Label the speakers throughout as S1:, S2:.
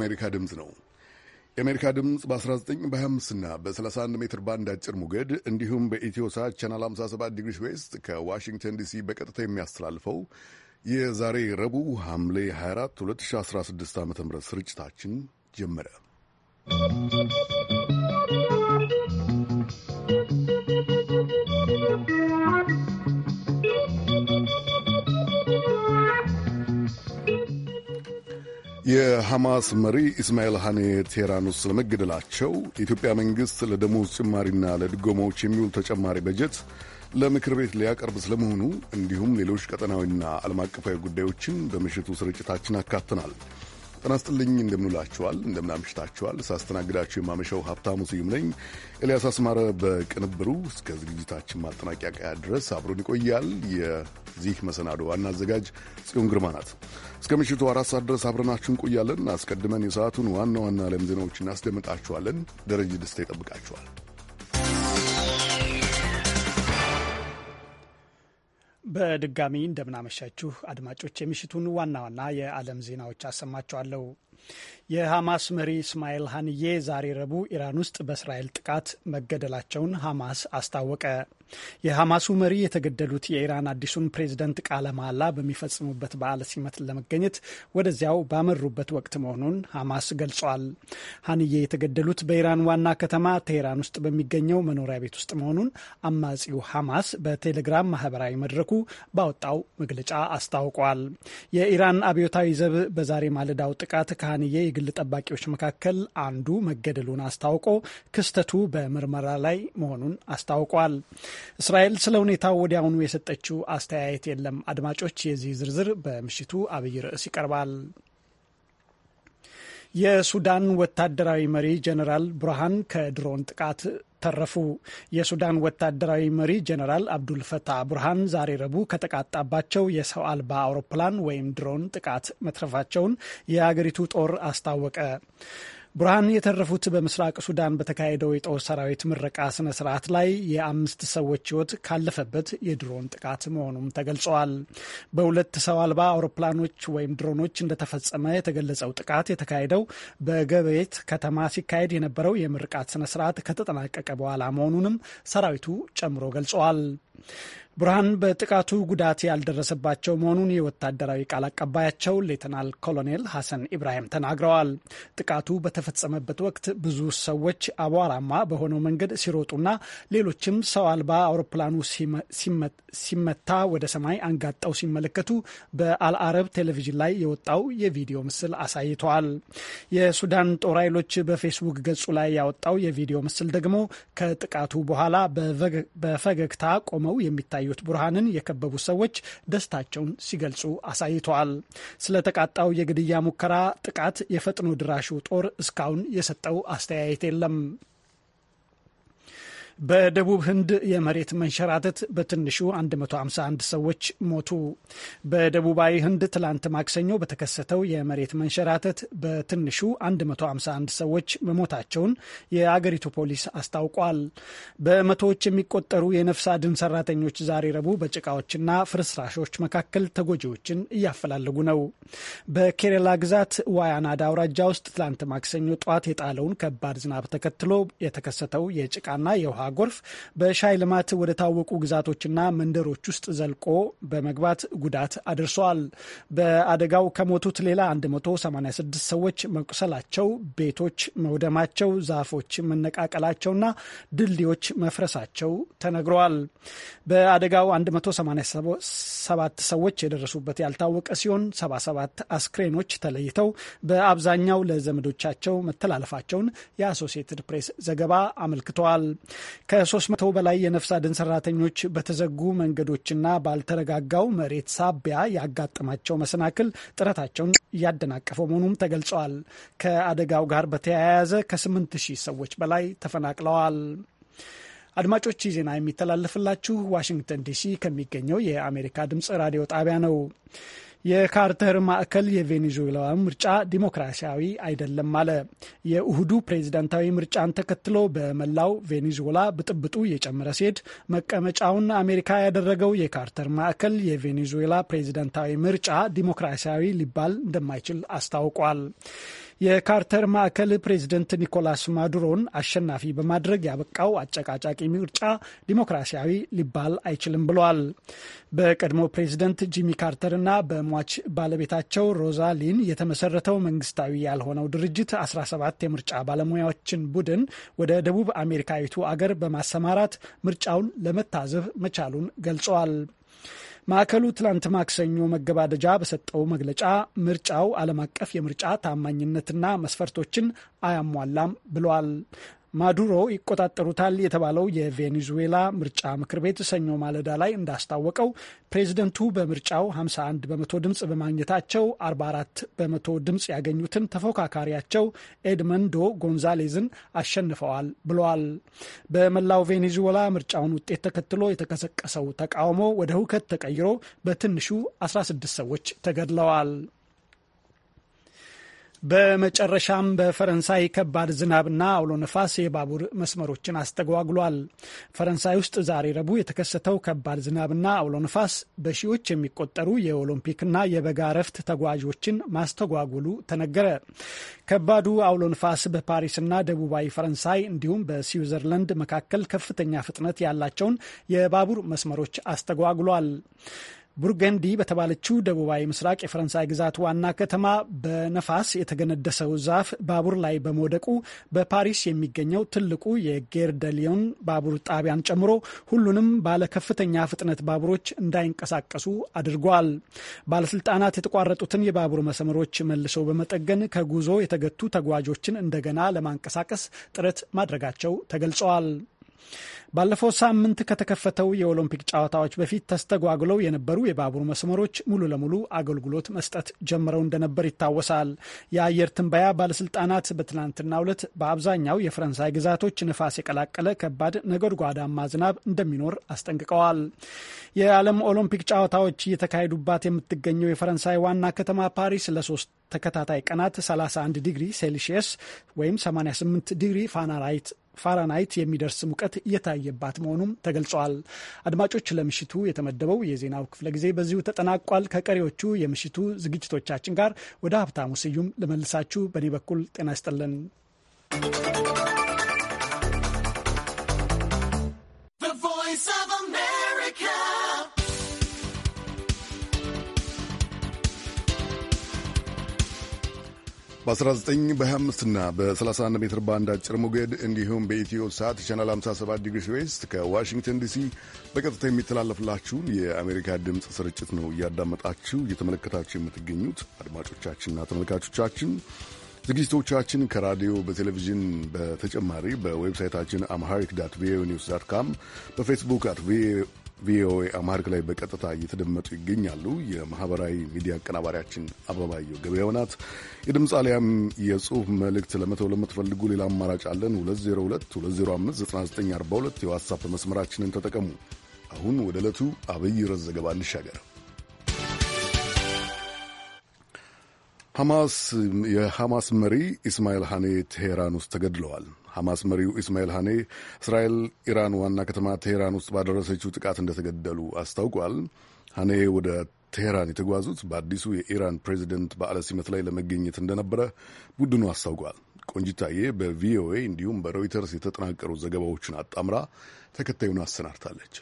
S1: የአሜሪካ ድምፅ ነው። የአሜሪካ ድምፅ በ19 25 በ31 ሜትር ባንድ አጭር ሞገድ እንዲሁም በኢትዮሳት ቻናል 57 ዲግሪ ዌስት ከዋሽንግተን ዲሲ በቀጥታ የሚያስተላልፈው የዛሬ ረቡዕ ሐምሌ 24 2016 ዓ ም ስርጭታችን ጀመረ። የሐማስ መሪ ኢስማኤል ሐኔ ቴህራን ውስጥ ስለመገደላቸው የኢትዮጵያ መንግሥት ለደሞዝ ጭማሪና ለድጎማዎች የሚውል ተጨማሪ በጀት ለምክር ቤት ሊያቀርብ ስለመሆኑ እንዲሁም ሌሎች ቀጠናዊና ዓለም አቀፋዊ ጉዳዮችን በምሽቱ ስርጭታችን አካትናል። ጤና ይስጥልኝ። እንደምንውላችኋል፣ እንደምናምሽታችኋል። ሳስተናግዳችሁ የማመሻው ሀብታሙ ስዩም ነኝ። ኤልያስ አስማረ በቅንብሩ እስከ ዝግጅታችን ማጠናቀቂያ ድረስ አብሮን ይቆያል። የዚህ መሰናዶ ዋና አዘጋጅ ጽዮን ግርማ ናት። እስከ ምሽቱ አራት ሰዓት ድረስ አብረናችሁ እንቆያለን። አስቀድመን የሰዓቱን ዋና ዋና ዓለም ዜናዎች እናስደምጣችኋለን። ደረጀ ደስታ ይጠብቃችኋል።
S2: በድጋሚ እንደምናመሻችሁ አድማጮች፣ የምሽቱን ዋና ዋና የዓለም ዜናዎች አሰማችኋለሁ። የሐማስ መሪ እስማኤል ሀንዬ ዛሬ ረቡዕ ኢራን ውስጥ በእስራኤል ጥቃት መገደላቸውን ሐማስ አስታወቀ። የሐማሱ መሪ የተገደሉት የኢራን አዲሱን ፕሬዝደንት ቃለ መሐላ በሚፈጽሙበት በዓለ ሲመት ለመገኘት ወደዚያው ባመሩበት ወቅት መሆኑን ሐማስ ገልጿል። ሀንዬ የተገደሉት በኢራን ዋና ከተማ ቴሄራን ውስጥ በሚገኘው መኖሪያ ቤት ውስጥ መሆኑን አማጺው ሐማስ በቴሌግራም ማህበራዊ መድረኩ ባወጣው መግለጫ አስታውቋል። የኢራን አብዮታዊ ዘብ በዛሬ ማለዳው ጥቃት ከሀንዬ ግል ጠባቂዎች መካከል አንዱ መገደሉን አስታውቆ ክስተቱ በምርመራ ላይ መሆኑን አስታውቋል። እስራኤል ስለ ሁኔታው ወዲያውኑ የሰጠችው አስተያየት የለም። አድማጮች፣ የዚህ ዝርዝር በምሽቱ አብይ ርዕስ ይቀርባል። የሱዳን ወታደራዊ መሪ ጀኔራል ቡርሃን ከድሮን ጥቃት ተረፉ። የሱዳን ወታደራዊ መሪ ጀነራል አብዱልፈታህ ቡርሃን ዛሬ ረቡዕ ከተቃጣባቸው የሰው አልባ አውሮፕላን ወይም ድሮን ጥቃት መትረፋቸውን የሀገሪቱ ጦር አስታወቀ። ብርሃን የተረፉት በምስራቅ ሱዳን በተካሄደው የጦር ሰራዊት ምረቃ ስነ ስርዓት ላይ የአምስት ሰዎች ህይወት ካለፈበት የድሮን ጥቃት መሆኑም ተገልጸዋል። በሁለት ሰው አልባ አውሮፕላኖች ወይም ድሮኖች እንደተፈጸመ የተገለጸው ጥቃት የተካሄደው በገቤት ከተማ ሲካሄድ የነበረው የምርቃት ስነ ስርዓት ከተጠናቀቀ በኋላ መሆኑንም ሰራዊቱ ጨምሮ ገልጸዋል። ብርሃን በጥቃቱ ጉዳት ያልደረሰባቸው መሆኑን የወታደራዊ ቃል አቀባያቸው ሌተናል ኮሎኔል ሐሰን ኢብራሂም ተናግረዋል። ጥቃቱ በተፈጸመበት ወቅት ብዙ ሰዎች አቧራማ በሆነው መንገድ ሲሮጡና ሌሎችም ሰው አልባ አውሮፕላኑ ሲመታ ወደ ሰማይ አንጋጠው ሲመለከቱ በአልአረብ ቴሌቪዥን ላይ የወጣው የቪዲዮ ምስል አሳይተዋል። የሱዳን ጦር ኃይሎች በፌስቡክ ገጹ ላይ ያወጣው የቪዲዮ ምስል ደግሞ ከጥቃቱ በኋላ በፈገግታ ቆመው የሚታ የሚያሳዩት ብርሃንን የከበቡ ሰዎች ደስታቸውን ሲገልጹ አሳይተዋል። ስለተቃጣው የግድያ ሙከራ ጥቃት የፈጥኖ ድራሹ ጦር እስካሁን የሰጠው አስተያየት የለም። በደቡብ ህንድ የመሬት መንሸራተት በትንሹ 151 ሰዎች ሞቱ። በደቡባዊ ህንድ ትላንት ማክሰኞ በተከሰተው የመሬት መንሸራተት በትንሹ 151 ሰዎች መሞታቸውን የአገሪቱ ፖሊስ አስታውቋል። በመቶዎች የሚቆጠሩ የነፍስ አድን ሰራተኞች ዛሬ ረቡዕ በጭቃዎችና ፍርስራሾች መካከል ተጎጂዎችን እያፈላለጉ ነው። በኬሬላ ግዛት ዋያናድ አውራጃ ውስጥ ትላንት ማክሰኞ ጠዋት የጣለውን ከባድ ዝናብ ተከትሎ የተከሰተው የጭቃና የውሃ ጎርፍ በሻይ ልማት ወደ ታወቁ ግዛቶችና መንደሮች ውስጥ ዘልቆ በመግባት ጉዳት አድርሰዋል። በአደጋው ከሞቱት ሌላ 186 ሰዎች መቁሰላቸው፣ ቤቶች መውደማቸው፣ ዛፎች መነቃቀላቸውና ድልድዮች መፍረሳቸው ተነግረዋል። በአደጋው 187 ሰዎች የደረሱበት ያልታወቀ ሲሆን 77 አስክሬኖች ተለይተው በአብዛኛው ለዘመዶቻቸው መተላለፋቸውን የአሶሲየትድ ፕሬስ ዘገባ አመልክተዋል። ከ300 በላይ የነፍስ አድን ሰራተኞች በተዘጉ መንገዶችና ባልተረጋጋው መሬት ሳቢያ ያጋጠማቸው መሰናክል ጥረታቸውን እያደናቀፈው መሆኑም ተገልጸዋል። ከአደጋው ጋር በተያያዘ ከ8000 ሰዎች በላይ ተፈናቅለዋል። አድማጮች ዜና የሚተላለፍላችሁ ዋሽንግተን ዲሲ ከሚገኘው የአሜሪካ ድምፅ ራዲዮ ጣቢያ ነው። የካርተር ማዕከል የቬኔዙዌላ ምርጫ ዲሞክራሲያዊ አይደለም አለ። የእሁዱ ፕሬዚደንታዊ ምርጫን ተከትሎ በመላው ቬኔዙዌላ ብጥብጡ የጨመረ ሲሄድ መቀመጫውን አሜሪካ ያደረገው የካርተር ማዕከል የቬኔዙዌላ ፕሬዚደንታዊ ምርጫ ዲሞክራሲያዊ ሊባል እንደማይችል አስታውቋል። የካርተር ማዕከል ፕሬዚደንት ኒኮላስ ማዱሮን አሸናፊ በማድረግ ያበቃው አጨቃጫቂ ምርጫ ዲሞክራሲያዊ ሊባል አይችልም ብለዋል። በቀድሞ ፕሬዚደንት ጂሚ ካርተር እና በሟች ባለቤታቸው ሮዛሊን የተመሰረተው መንግስታዊ ያልሆነው ድርጅት 17 የምርጫ ባለሙያዎችን ቡድን ወደ ደቡብ አሜሪካዊቱ አገር በማሰማራት ምርጫውን ለመታዘብ መቻሉን ገልጸዋል። ማዕከሉ ትላንት ማክሰኞ መገባደጃ በሰጠው መግለጫ ምርጫው ዓለም አቀፍ የምርጫ ታማኝነትና መስፈርቶችን አያሟላም ብሏል። ማዱሮ ይቆጣጠሩታል የተባለው የቬኔዙዌላ ምርጫ ምክር ቤት ሰኞ ማለዳ ላይ እንዳስታወቀው ፕሬዝደንቱ በምርጫው 51 በመቶ ድምፅ በማግኘታቸው 44 በመቶ ድምፅ ያገኙትን ተፎካካሪያቸው ኤድመንዶ ጎንዛሌዝን አሸንፈዋል ብለዋል። በመላው ቬኔዙዌላ ምርጫውን ውጤት ተከትሎ የተቀሰቀሰው ተቃውሞ ወደ ሁከት ተቀይሮ በትንሹ 16 ሰዎች ተገድለዋል። በመጨረሻም በፈረንሳይ ከባድ ዝናብና አውሎ ነፋስ የባቡር መስመሮችን አስተጓጉሏል። ፈረንሳይ ውስጥ ዛሬ ረቡዕ የተከሰተው ከባድ ዝናብና አውሎ ነፋስ በሺዎች የሚቆጠሩ የኦሎምፒክና የበጋ እረፍት ተጓዦችን ማስተጓጉሉ ተነገረ። ከባዱ አውሎ ነፋስ በፓሪስና ደቡባዊ ፈረንሳይ እንዲሁም በስዊዘርላንድ መካከል ከፍተኛ ፍጥነት ያላቸውን የባቡር መስመሮች አስተጓጉሏል። ቡርገንዲ በተባለችው ደቡባዊ ምስራቅ የፈረንሳይ ግዛት ዋና ከተማ በነፋስ የተገነደሰው ዛፍ ባቡር ላይ በመውደቁ በፓሪስ የሚገኘው ትልቁ የጌር ባቡር ጣቢያን ጨምሮ ሁሉንም ባለ ከፍተኛ ፍጥነት ባቡሮች እንዳይንቀሳቀሱ አድርጓል። ባለስልጣናት የተቋረጡትን የባቡር መስመሮች መልሰው በመጠገን ከጉዞ የተገቱ ተጓዦችን እንደገና ለማንቀሳቀስ ጥረት ማድረጋቸው ተገልጸዋል። ባለፈው ሳምንት ከተከፈተው የኦሎምፒክ ጨዋታዎች በፊት ተስተጓጉለው የነበሩ የባቡር መስመሮች ሙሉ ለሙሉ አገልግሎት መስጠት ጀምረው እንደነበር ይታወሳል። የአየር ትንበያ ባለስልጣናት በትናንትናው ዕለት በአብዛኛው የፈረንሳይ ግዛቶች ንፋስ የቀላቀለ ከባድ ነጎድጓዳማ ዝናብ እንደሚኖር አስጠንቅቀዋል። የዓለም ኦሎምፒክ ጨዋታዎች እየተካሄዱባት የምትገኘው የፈረንሳይ ዋና ከተማ ፓሪስ ለሶስት ተከታታይ ቀናት 31 ዲግሪ ሴልሺየስ ወይም 88 ዲግሪ ፋናራይት ፋራናይት የሚደርስ ሙቀት እየታየባት መሆኑም ተገልጿል። አድማጮች፣ ለምሽቱ የተመደበው የዜናው ክፍለ ጊዜ በዚሁ ተጠናቋል። ከቀሪዎቹ የምሽቱ ዝግጅቶቻችን ጋር ወደ ሀብታሙ ስዩም ልመልሳችሁ። በእኔ በኩል ጤና ይስጥልን።
S1: በ19 በ25 እና በ31 ሜትር ባንድ አጭር ሞገድ እንዲሁም በኢትዮ ሰዓት ቻናል 57 ዲግሪ ዌስት ከዋሽንግተን ዲሲ በቀጥታ የሚተላለፍላችሁን የአሜሪካ ድምፅ ስርጭት ነው እያዳመጣችሁ እየተመለከታችሁ የምትገኙት አድማጮቻችንና ተመልካቾቻችን። ዝግጅቶቻችን ከራዲዮ በቴሌቪዥን በተጨማሪ በዌብሳይታችን አምሃሪክ ዳት ቪኦኤ ኒውስ ዳት ካም በፌስቡክ አት ቪኦኤ አማርክ ላይ በቀጥታ እየተደመጡ ይገኛሉ። የማህበራዊ ሚዲያ አቀናባሪያችን አበባየው ገበያው ናት። የድምፅ አሊያም የጽሁፍ መልእክት ለመተው ለምትፈልጉ ሌላ አማራጭ አለን። 2022059942 የዋትሳፕ መስመራችንን ተጠቀሙ። አሁን ወደ ዕለቱ አብይ ርዕስ ዘገባ እንሻገር። ሐማስ የሐማስ መሪ ኢስማኤል ሐኔ ቴሄራን ውስጥ ተገድለዋል። ሐማስ መሪው ኢስማኤል ሀኔ እስራኤል ኢራን ዋና ከተማ ቴሄራን ውስጥ ባደረሰችው ጥቃት እንደተገደሉ አስታውቋል። ሃኔ ወደ ቴሄራን የተጓዙት በአዲሱ የኢራን ፕሬዚደንት በዓለ ሲመት ላይ ለመገኘት እንደነበረ ቡድኑ አስታውቋል። ቆንጂታዬ በቪኦኤ እንዲሁም በሮይተርስ የተጠናቀሩ ዘገባዎችን አጣምራ ተከታዩን አሰናድታለች።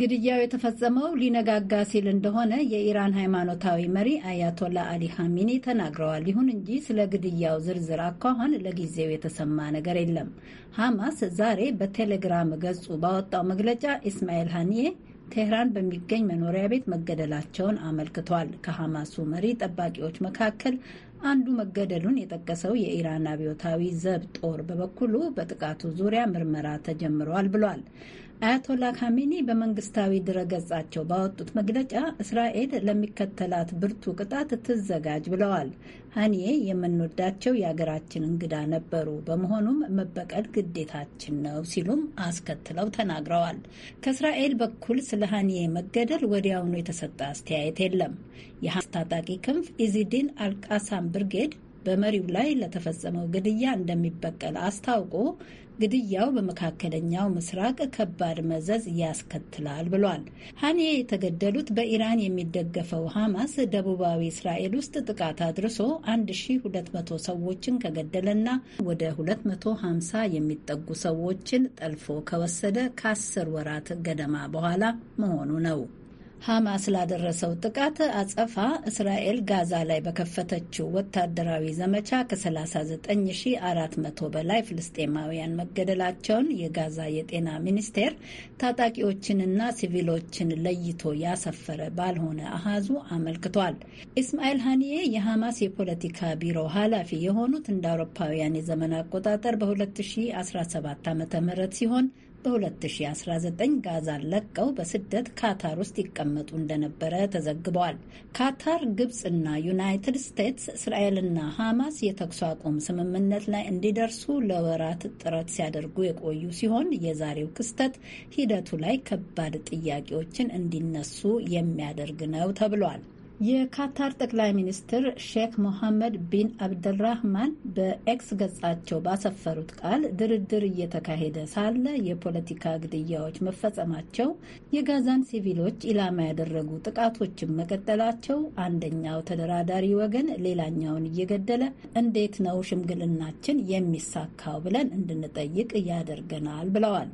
S3: ግድያው የተፈጸመው ሊነጋጋ ሲል እንደሆነ የኢራን ሃይማኖታዊ መሪ አያቶላ አሊ ሐሚኒ ተናግረዋል። ይሁን እንጂ ስለ ግድያው ዝርዝር አኳኋን ለጊዜው የተሰማ ነገር የለም። ሐማስ ዛሬ በቴሌግራም ገጹ ባወጣው መግለጫ ኢስማኤል ሀኒዬ ቴህራን በሚገኝ መኖሪያ ቤት መገደላቸውን አመልክቷል። ከሐማሱ መሪ ጠባቂዎች መካከል አንዱ መገደሉን የጠቀሰው የኢራን አብዮታዊ ዘብ ጦር በበኩሉ በጥቃቱ ዙሪያ ምርመራ ተጀምሯል ብሏል። አያቶላ ካሚኒ በመንግስታዊ ድረገጻቸው ባወጡት መግለጫ እስራኤል ለሚከተላት ብርቱ ቅጣት ትዘጋጅ ብለዋል። ሀኒዬ የምንወዳቸው የአገራችን እንግዳ ነበሩ። በመሆኑም መበቀል ግዴታችን ነው ሲሉም አስከትለው ተናግረዋል። ከእስራኤል በኩል ስለ ሀኒዬ መገደል ወዲያውኑ የተሰጠ አስተያየት የለም። የሐማስ ታጣቂ ክንፍ ኢዚዲን አልቃሳም ብርጌድ በመሪው ላይ ለተፈጸመው ግድያ እንደሚበቀል አስታውቆ ግድያው በመካከለኛው ምስራቅ ከባድ መዘዝ ያስከትላል ብሏል። ሀኔ የተገደሉት በኢራን የሚደገፈው ሐማስ ደቡባዊ እስራኤል ውስጥ ጥቃት አድርሶ 1200 ሰዎችን ከገደለና ወደ 250 የሚጠጉ ሰዎችን ጠልፎ ከወሰደ ከአስር ወራት ገደማ በኋላ መሆኑ ነው። ሐማስ ላደረሰው ጥቃት አጸፋ እስራኤል ጋዛ ላይ በከፈተችው ወታደራዊ ዘመቻ ከ39400 በላይ ፍልስጤማውያን መገደላቸውን የጋዛ የጤና ሚኒስቴር ታጣቂዎችንና ሲቪሎችን ለይቶ ያሰፈረ ባልሆነ አሃዙ አመልክቷል። ኢስማኤል ሃኒዬ የሐማስ የፖለቲካ ቢሮ ኃላፊ የሆኑት እንደ አውሮፓውያን የዘመን አቆጣጠር በ2017 ዓ ም ሲሆን በ2019 ጋዛን ለቀው በስደት ካታር ውስጥ ይቀመጡ እንደነበረ ተዘግበዋል። ካታር፣ ግብፅና ዩናይትድ ስቴትስ እስራኤልና ሐማስ የተኩስ አቁም ስምምነት ላይ እንዲደርሱ ለወራት ጥረት ሲያደርጉ የቆዩ ሲሆን የዛሬው ክስተት ሂደቱ ላይ ከባድ ጥያቄዎችን እንዲነሱ የሚያደርግ ነው ተብሏል። የካታር ጠቅላይ ሚኒስትር ሼክ ሞሐመድ ቢን አብደራህማን በኤክስ ገጻቸው ባሰፈሩት ቃል ድርድር እየተካሄደ ሳለ የፖለቲካ ግድያዎች መፈጸማቸው፣ የጋዛን ሲቪሎች ኢላማ ያደረጉ ጥቃቶችን መቀጠላቸው፣ አንደኛው ተደራዳሪ ወገን ሌላኛውን እየገደለ እንዴት ነው ሽምግልናችን የሚሳካው ብለን እንድንጠይቅ ያደርገናል ብለዋል።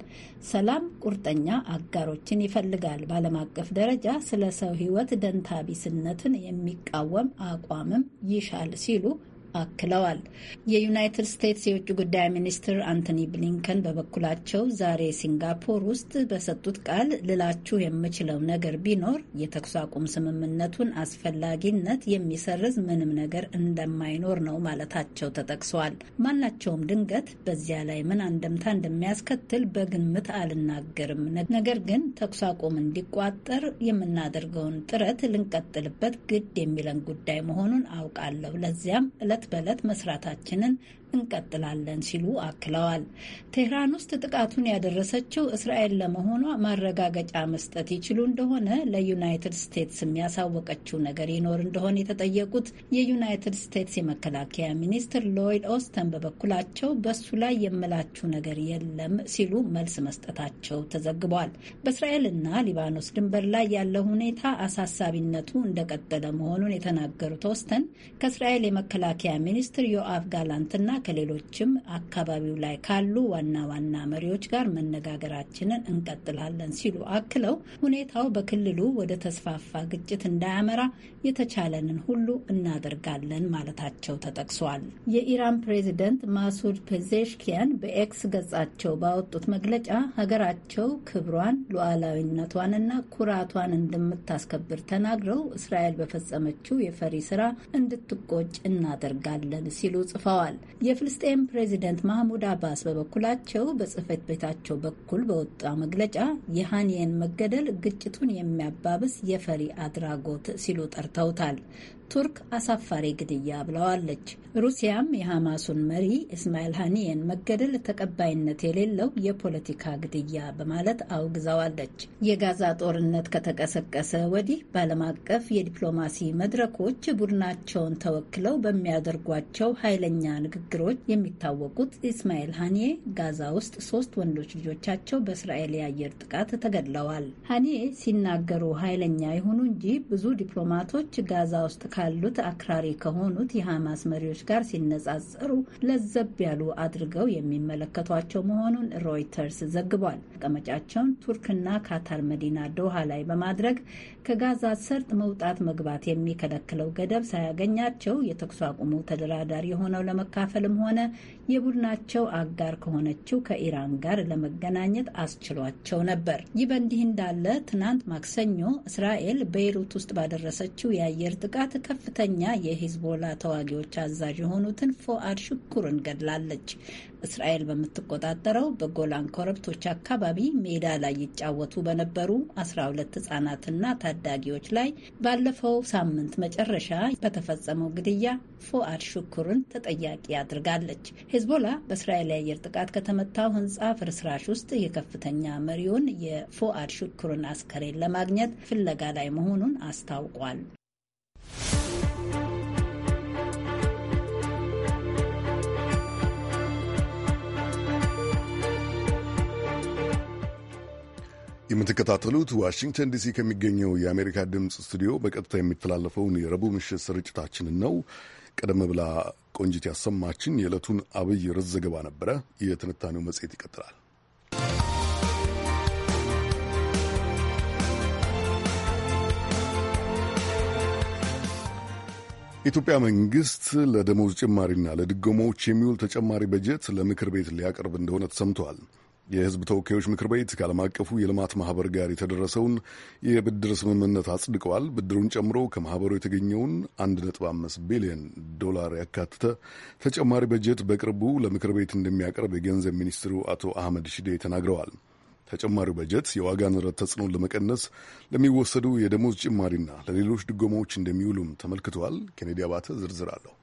S3: ሰላም ቁርጠኛ አጋሮችን ይፈልጋል። በዓለም አቀፍ ደረጃ ስለ ሰው ሕይወት ደንታቢስነት ነጻነትን የሚቃወም አቋምም ይሻል ሲሉ አክለዋል። የዩናይትድ ስቴትስ የውጭ ጉዳይ ሚኒስትር አንቶኒ ብሊንከን በበኩላቸው ዛሬ ሲንጋፖር ውስጥ በሰጡት ቃል ልላችሁ የምችለው ነገር ቢኖር የተኩስ አቁም ስምምነቱን አስፈላጊነት የሚሰርዝ ምንም ነገር እንደማይኖር ነው ማለታቸው ተጠቅሰዋል። ማናቸውም ድንገት በዚያ ላይ ምን አንደምታ እንደሚያስከትል በግምት አልናገርም፣ ነገር ግን ተኩስ አቁም እንዲቋጠር የምናደርገውን ጥረት ልንቀጥልበት ግድ የሚለን ጉዳይ መሆኑን አውቃለሁ። ለዚያም ዕለት በዕለት መስራታችንን እንቀጥላለን ሲሉ አክለዋል። ቴህራን ውስጥ ጥቃቱን ያደረሰችው እስራኤል ለመሆኗ ማረጋገጫ መስጠት ይችሉ እንደሆነ ለዩናይትድ ስቴትስ የሚያሳወቀችው ነገር ይኖር እንደሆነ የተጠየቁት የዩናይትድ ስቴትስ የመከላከያ ሚኒስትር ሎይድ ኦስተን በበኩላቸው በሱ ላይ የምላችሁ ነገር የለም ሲሉ መልስ መስጠታቸው ተዘግቧል። በእስራኤልና ሊባኖስ ድንበር ላይ ያለው ሁኔታ አሳሳቢነቱ እንደቀጠለ መሆኑን የተናገሩት ኦስተን ከእስራኤል የመከላከያ ሚኒስትር ዮአፍ ጋላንትና ከሌሎችም አካባቢው ላይ ካሉ ዋና ዋና መሪዎች ጋር መነጋገራችንን እንቀጥላለን ሲሉ አክለው ሁኔታው በክልሉ ወደ ተስፋፋ ግጭት እንዳያመራ የተቻለንን ሁሉ እናደርጋለን ማለታቸው ተጠቅሷል። የኢራን ፕሬዚደንት ማሱድ ፔዜሽኪያን በኤክስ ገጻቸው ባወጡት መግለጫ ሀገራቸው ክብሯን ሉዓላዊነቷንና ኩራቷን እንደምታስከብር ተናግረው እስራኤል በፈጸመችው የፈሪ ስራ እንድትቆጭ እናደርጋለን ሲሉ ጽፈዋል። የፍልስጤም ፕሬዚደንት ማህሙድ አባስ በበኩላቸው በጽህፈት ቤታቸው በኩል በወጣ መግለጫ የሃኒየን መገደል ግጭቱን የሚያባብስ የፈሪ አድራጎት ሲሉ ጠርተውታል። ቱርክ አሳፋሪ ግድያ ብለዋለች። ሩሲያም የሐማሱን መሪ እስማኤል ሃኒየን መገደል ተቀባይነት የሌለው የፖለቲካ ግድያ በማለት አውግዛዋለች። የጋዛ ጦርነት ከተቀሰቀሰ ወዲህ በዓለም አቀፍ የዲፕሎማሲ መድረኮች ቡድናቸውን ተወክለው በሚያደርጓቸው ኃይለኛ ንግግሮች የሚታወቁት እስማኤል ሃኒየ ጋዛ ውስጥ ሶስት ወንዶች ልጆቻቸው በእስራኤል የአየር ጥቃት ተገድለዋል። ሃኒየ ሲናገሩ ኃይለኛ ይሁኑ እንጂ ብዙ ዲፕሎማቶች ጋዛ ውስጥ ካሉት አክራሪ ከሆኑት የሐማስ መሪዎች ጋር ሲነጻጸሩ ለዘብ ያሉ አድርገው የሚመለከቷቸው መሆኑን ሮይተርስ ዘግቧል። መቀመጫቸውን ቱርክና ካታር መዲና ዶሃ ላይ በማድረግ ከጋዛ ሰርጥ መውጣት መግባት የሚከለክለው ገደብ ሳያገኛቸው የተኩስ አቁሙ ተደራዳሪ የሆነው ለመካፈልም ሆነ የቡድናቸው አጋር ከሆነችው ከኢራን ጋር ለመገናኘት አስችሏቸው ነበር። ይህ በእንዲህ እንዳለ ትናንት ማክሰኞ እስራኤል ቤይሩት ውስጥ ባደረሰችው የአየር ጥቃት ከፍተኛ የሂዝቦላ ተዋጊዎች አዛዥ የሆኑትን ፎአድ ሽኩርን ገድላለች። እስራኤል በምትቆጣጠረው በጎላን ኮረብቶች አካባቢ ሜዳ ላይ ይጫወቱ በነበሩ 12 ህጻናትና ታዳጊዎች ላይ ባለፈው ሳምንት መጨረሻ በተፈጸመው ግድያ ፎአድ ሹኩርን ተጠያቂ አድርጋለች። ሄዝቦላ በእስራኤል የአየር ጥቃት ከተመታው ህንፃ ፍርስራሽ ውስጥ የከፍተኛ መሪውን የፎአድ ሹኩርን አስከሬን ለማግኘት ፍለጋ ላይ መሆኑን አስታውቋል።
S1: የምትከታተሉት ዋሽንግተን ዲሲ ከሚገኘው የአሜሪካ ድምፅ ስቱዲዮ በቀጥታ የሚተላለፈውን የረቡዕ ምሽት ስርጭታችንን ነው። ቀደም ብላ ቆንጂት ያሰማችን የዕለቱን አብይ ርዕስ ዘገባ ነበረ። የትንታኔው መጽሔት ይቀጥላል። የኢትዮጵያ መንግስት ለደሞዝ ጭማሪና ለድጎማዎች የሚውል ተጨማሪ በጀት ለምክር ቤት ሊያቀርብ እንደሆነ ተሰምተዋል። የህዝብ ተወካዮች ምክር ቤት ከዓለም አቀፉ የልማት ማህበር ጋር የተደረሰውን የብድር ስምምነት አጽድቀዋል። ብድሩን ጨምሮ ከማህበሩ የተገኘውን 1.5 ቢሊዮን ዶላር ያካተተ ተጨማሪ በጀት በቅርቡ ለምክር ቤት እንደሚያቀርብ የገንዘብ ሚኒስትሩ አቶ አህመድ ሽዴ ተናግረዋል። ተጨማሪው በጀት የዋጋ ንረት ተጽዕኖን ለመቀነስ ለሚወሰዱ የደሞዝ ጭማሪና ለሌሎች ድጎማዎች እንደሚውሉም ተመልክተዋል። ኬኔዲ አባተ ዝርዝር አለሁ።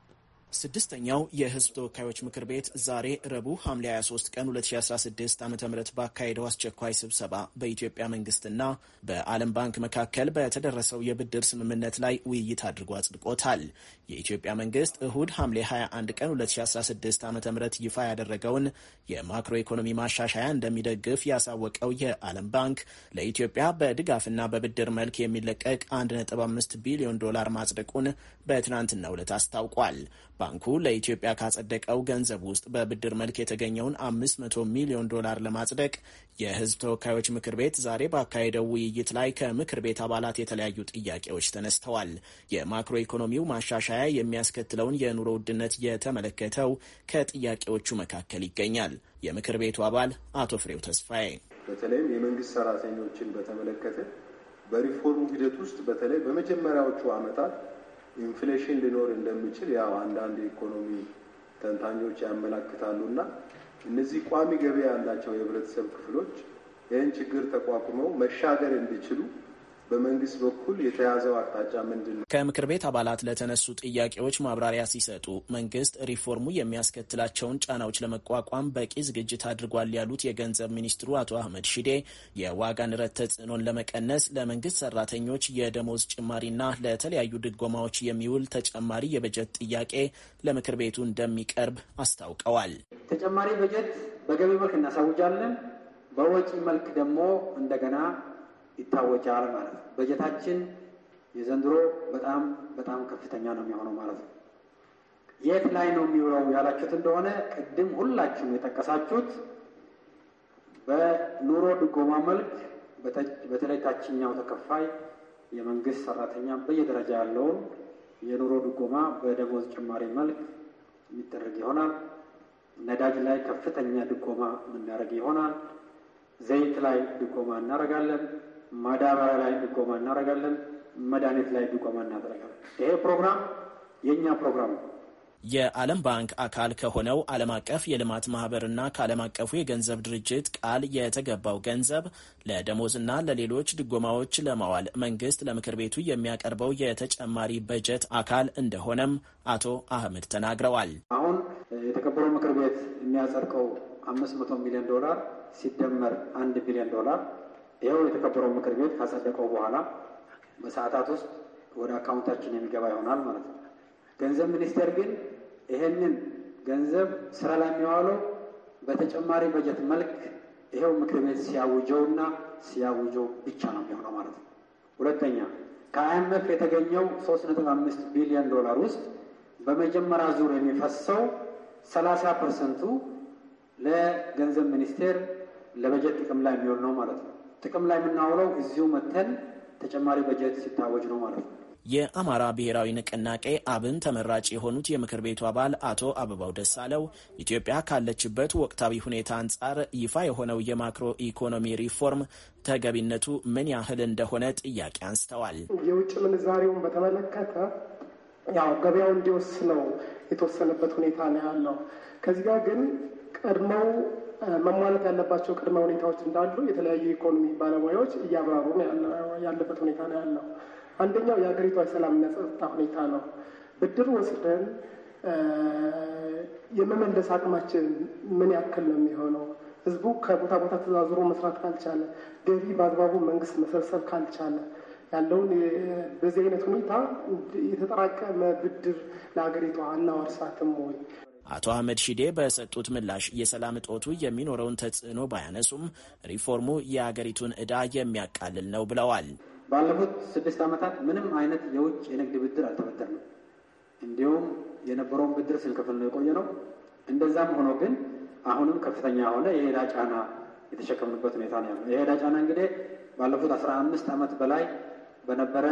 S4: ስድስተኛው የህዝብ ተወካዮች ምክር ቤት ዛሬ ረቡዕ ሐምሌ 23 ቀን 2016 ዓ ም ባካሄደው አስቸኳይ ስብሰባ በኢትዮጵያ መንግስትና በዓለም ባንክ መካከል በተደረሰው የብድር ስምምነት ላይ ውይይት አድርጎ አጽድቆታል። የኢትዮጵያ መንግስት እሁድ ሐምሌ 21 ቀን 2016 ዓ ም ይፋ ያደረገውን የማክሮ ኢኮኖሚ ማሻሻያ እንደሚደግፍ ያሳወቀው የዓለም ባንክ ለኢትዮጵያ በድጋፍና በብድር መልክ የሚለቀቅ 1.5 ቢሊዮን ዶላር ማጽደቁን በትናንትናው ዕለት አስታውቋል። ባንኩ ለኢትዮጵያ ካጸደቀው ገንዘብ ውስጥ በብድር መልክ የተገኘውን 500 ሚሊዮን ዶላር ለማጽደቅ የሕዝብ ተወካዮች ምክር ቤት ዛሬ ባካሄደው ውይይት ላይ ከምክር ቤት አባላት የተለያዩ ጥያቄዎች ተነስተዋል። የማክሮ ኢኮኖሚው ማሻሻያ የሚያስከትለውን የኑሮ ውድነት የተመለከተው ከጥያቄዎቹ መካከል ይገኛል። የምክር ቤቱ አባል አቶ ፍሬው ተስፋዬ
S1: በተለይም የመንግስት ሰራተኞችን በተመለከተ በሪፎርሙ ሂደት ውስጥ በተለይ በመጀመሪያዎቹ ዓመታት ኢንፍሌሽን ሊኖር እንደሚችል ያው አንዳንድ የኢኮኖሚ ተንታኞች ያመላክታሉ እና እነዚህ ቋሚ ገበያ ያላቸው የህብረተሰብ ክፍሎች ይህን ችግር ተቋቁመው መሻገር እንዲችሉ በመንግስት በኩል
S5: የተያዘው አቅጣጫ ምንድን ነው?
S4: ከምክር ቤት አባላት ለተነሱ ጥያቄዎች ማብራሪያ ሲሰጡ መንግስት ሪፎርሙ የሚያስከትላቸውን ጫናዎች ለመቋቋም በቂ ዝግጅት አድርጓል ያሉት የገንዘብ ሚኒስትሩ አቶ አህመድ ሺዴ የዋጋ ንረት ተጽዕኖን ለመቀነስ ለመንግስት ሰራተኞች የደሞዝ ጭማሪና ለተለያዩ ድጎማዎች የሚውል ተጨማሪ የበጀት ጥያቄ ለምክር ቤቱ እንደሚቀርብ አስታውቀዋል።
S5: ተጨማሪ በጀት በገቢ መልክ እናሳውጃለን፣ በወጪ መልክ ደግሞ እንደገና ይታወቃል ማለት ነው። በጀታችን የዘንድሮ በጣም በጣም ከፍተኛ ነው የሚሆነው ማለት ነው። የት ላይ ነው የሚውለው ያላችሁት እንደሆነ ቅድም ሁላችሁም የጠቀሳችሁት በኑሮ ድጎማ መልክ በተለይ ታችኛው ተከፋይ የመንግስት ሰራተኛ በየደረጃ ያለውን የኑሮ ድጎማ በደሞዝ ጭማሪ መልክ የሚደረግ ይሆናል። ነዳጅ ላይ ከፍተኛ ድጎማ የምናደርግ ይሆናል። ዘይት ላይ ድጎማ እናደርጋለን። ማዳበሪያ ላይ ድጎማ እናደርጋለን። መድኃኒት ላይ ድጎማ እናደርጋለን። ይሄ ፕሮግራም የእኛ ፕሮግራም ነው።
S4: የዓለም ባንክ አካል ከሆነው ዓለም አቀፍ የልማት ማህበርና ከዓለም አቀፉ የገንዘብ ድርጅት ቃል የተገባው ገንዘብ ለደሞዝና ለሌሎች ድጎማዎች ለማዋል መንግስት ለምክር ቤቱ የሚያቀርበው የተጨማሪ በጀት አካል እንደሆነም አቶ አህመድ ተናግረዋል።
S5: አሁን የተከበረው ምክር ቤት የሚያጸድቀው አምስት መቶ ሚሊዮን ዶላር ሲደመር አንድ ቢሊዮን ዶላር ይኸው የተከበረው ምክር ቤት ካጸደቀው በኋላ በሰዓታት ውስጥ ወደ አካውንታችን የሚገባ ይሆናል ማለት ነው። ገንዘብ ሚኒስቴር ግን ይሄንን ገንዘብ ስራ ላይ የሚዋለው በተጨማሪ በጀት መልክ ይኸው ምክር ቤት ሲያውጀውና ሲያውጀው ብቻ ነው የሚሆነው ማለት ነው። ሁለተኛ ከአይኤምኤፍ የተገኘው ሶስት ነጥብ አምስት ቢሊዮን ዶላር ውስጥ በመጀመሪያ ዙር የሚፈሰው ሰላሳ ፐርሰንቱ ለገንዘብ ሚኒስቴር ለበጀት ጥቅም ላይ የሚውል ነው ማለት ነው። ጥቅም ላይ የምናውለው እዚሁ መተን ተጨማሪ በጀት ሲታወጅ ነው ማለት ነው።
S4: የአማራ ብሔራዊ ንቅናቄ አብን ተመራጭ የሆኑት የምክር ቤቱ አባል አቶ አበባው ደሳለው ኢትዮጵያ ካለችበት ወቅታዊ ሁኔታ አንጻር ይፋ የሆነው የማክሮ ኢኮኖሚ ሪፎርም ተገቢነቱ ምን ያህል እንደሆነ ጥያቄ አንስተዋል።
S6: የውጭ ምንዛሬውን በተመለከተ ያው ገበያው እንዲወስነው የተወሰነበት
S2: ሁኔታ ነው ያለው። ከዚህ ጋር ግን ቀድመው መሟላት ያለባቸው ቅድመ ሁኔታዎች እንዳሉ የተለያዩ የኢኮኖሚ ባለሙያዎች እያብራሩ ያለበት ሁኔታ ነው ያለው። አንደኛው የሀገሪቷ የሰላምና ጸጥታ ሁኔታ ነው። ብድር ወስደን የመመለስ አቅማችን ምን ያክል ነው የሚሆነው? ህዝቡ ከቦታ ቦታ ተዛዝሮ መስራት ካልቻለ፣ ገቢ በአግባቡ መንግስት መሰብሰብ ካልቻለ ያለውን በዚህ አይነት ሁኔታ የተጠራቀመ ብድር ለሀገሪቷ አናወርሳትም
S4: ወይ? አቶ አህመድ ሺዴ በሰጡት ምላሽ የሰላም እጦቱ የሚኖረውን ተጽዕኖ ባያነሱም ሪፎርሙ የአገሪቱን ዕዳ የሚያቃልል ነው ብለዋል።
S5: ባለፉት ስድስት ዓመታት ምንም አይነት የውጭ የንግድ ብድር አልተበደርንም። እንዲሁም የነበረውን ብድር ስንከፍል ነው የቆየ ነው። እንደዛም ሆኖ ግን አሁንም ከፍተኛ የሆነ የዕዳ ጫና የተሸከምንበት ሁኔታ ነው ያለው። የዕዳ ጫና እንግዲህ ባለፉት አስራ አምስት ዓመት በላይ በነበረ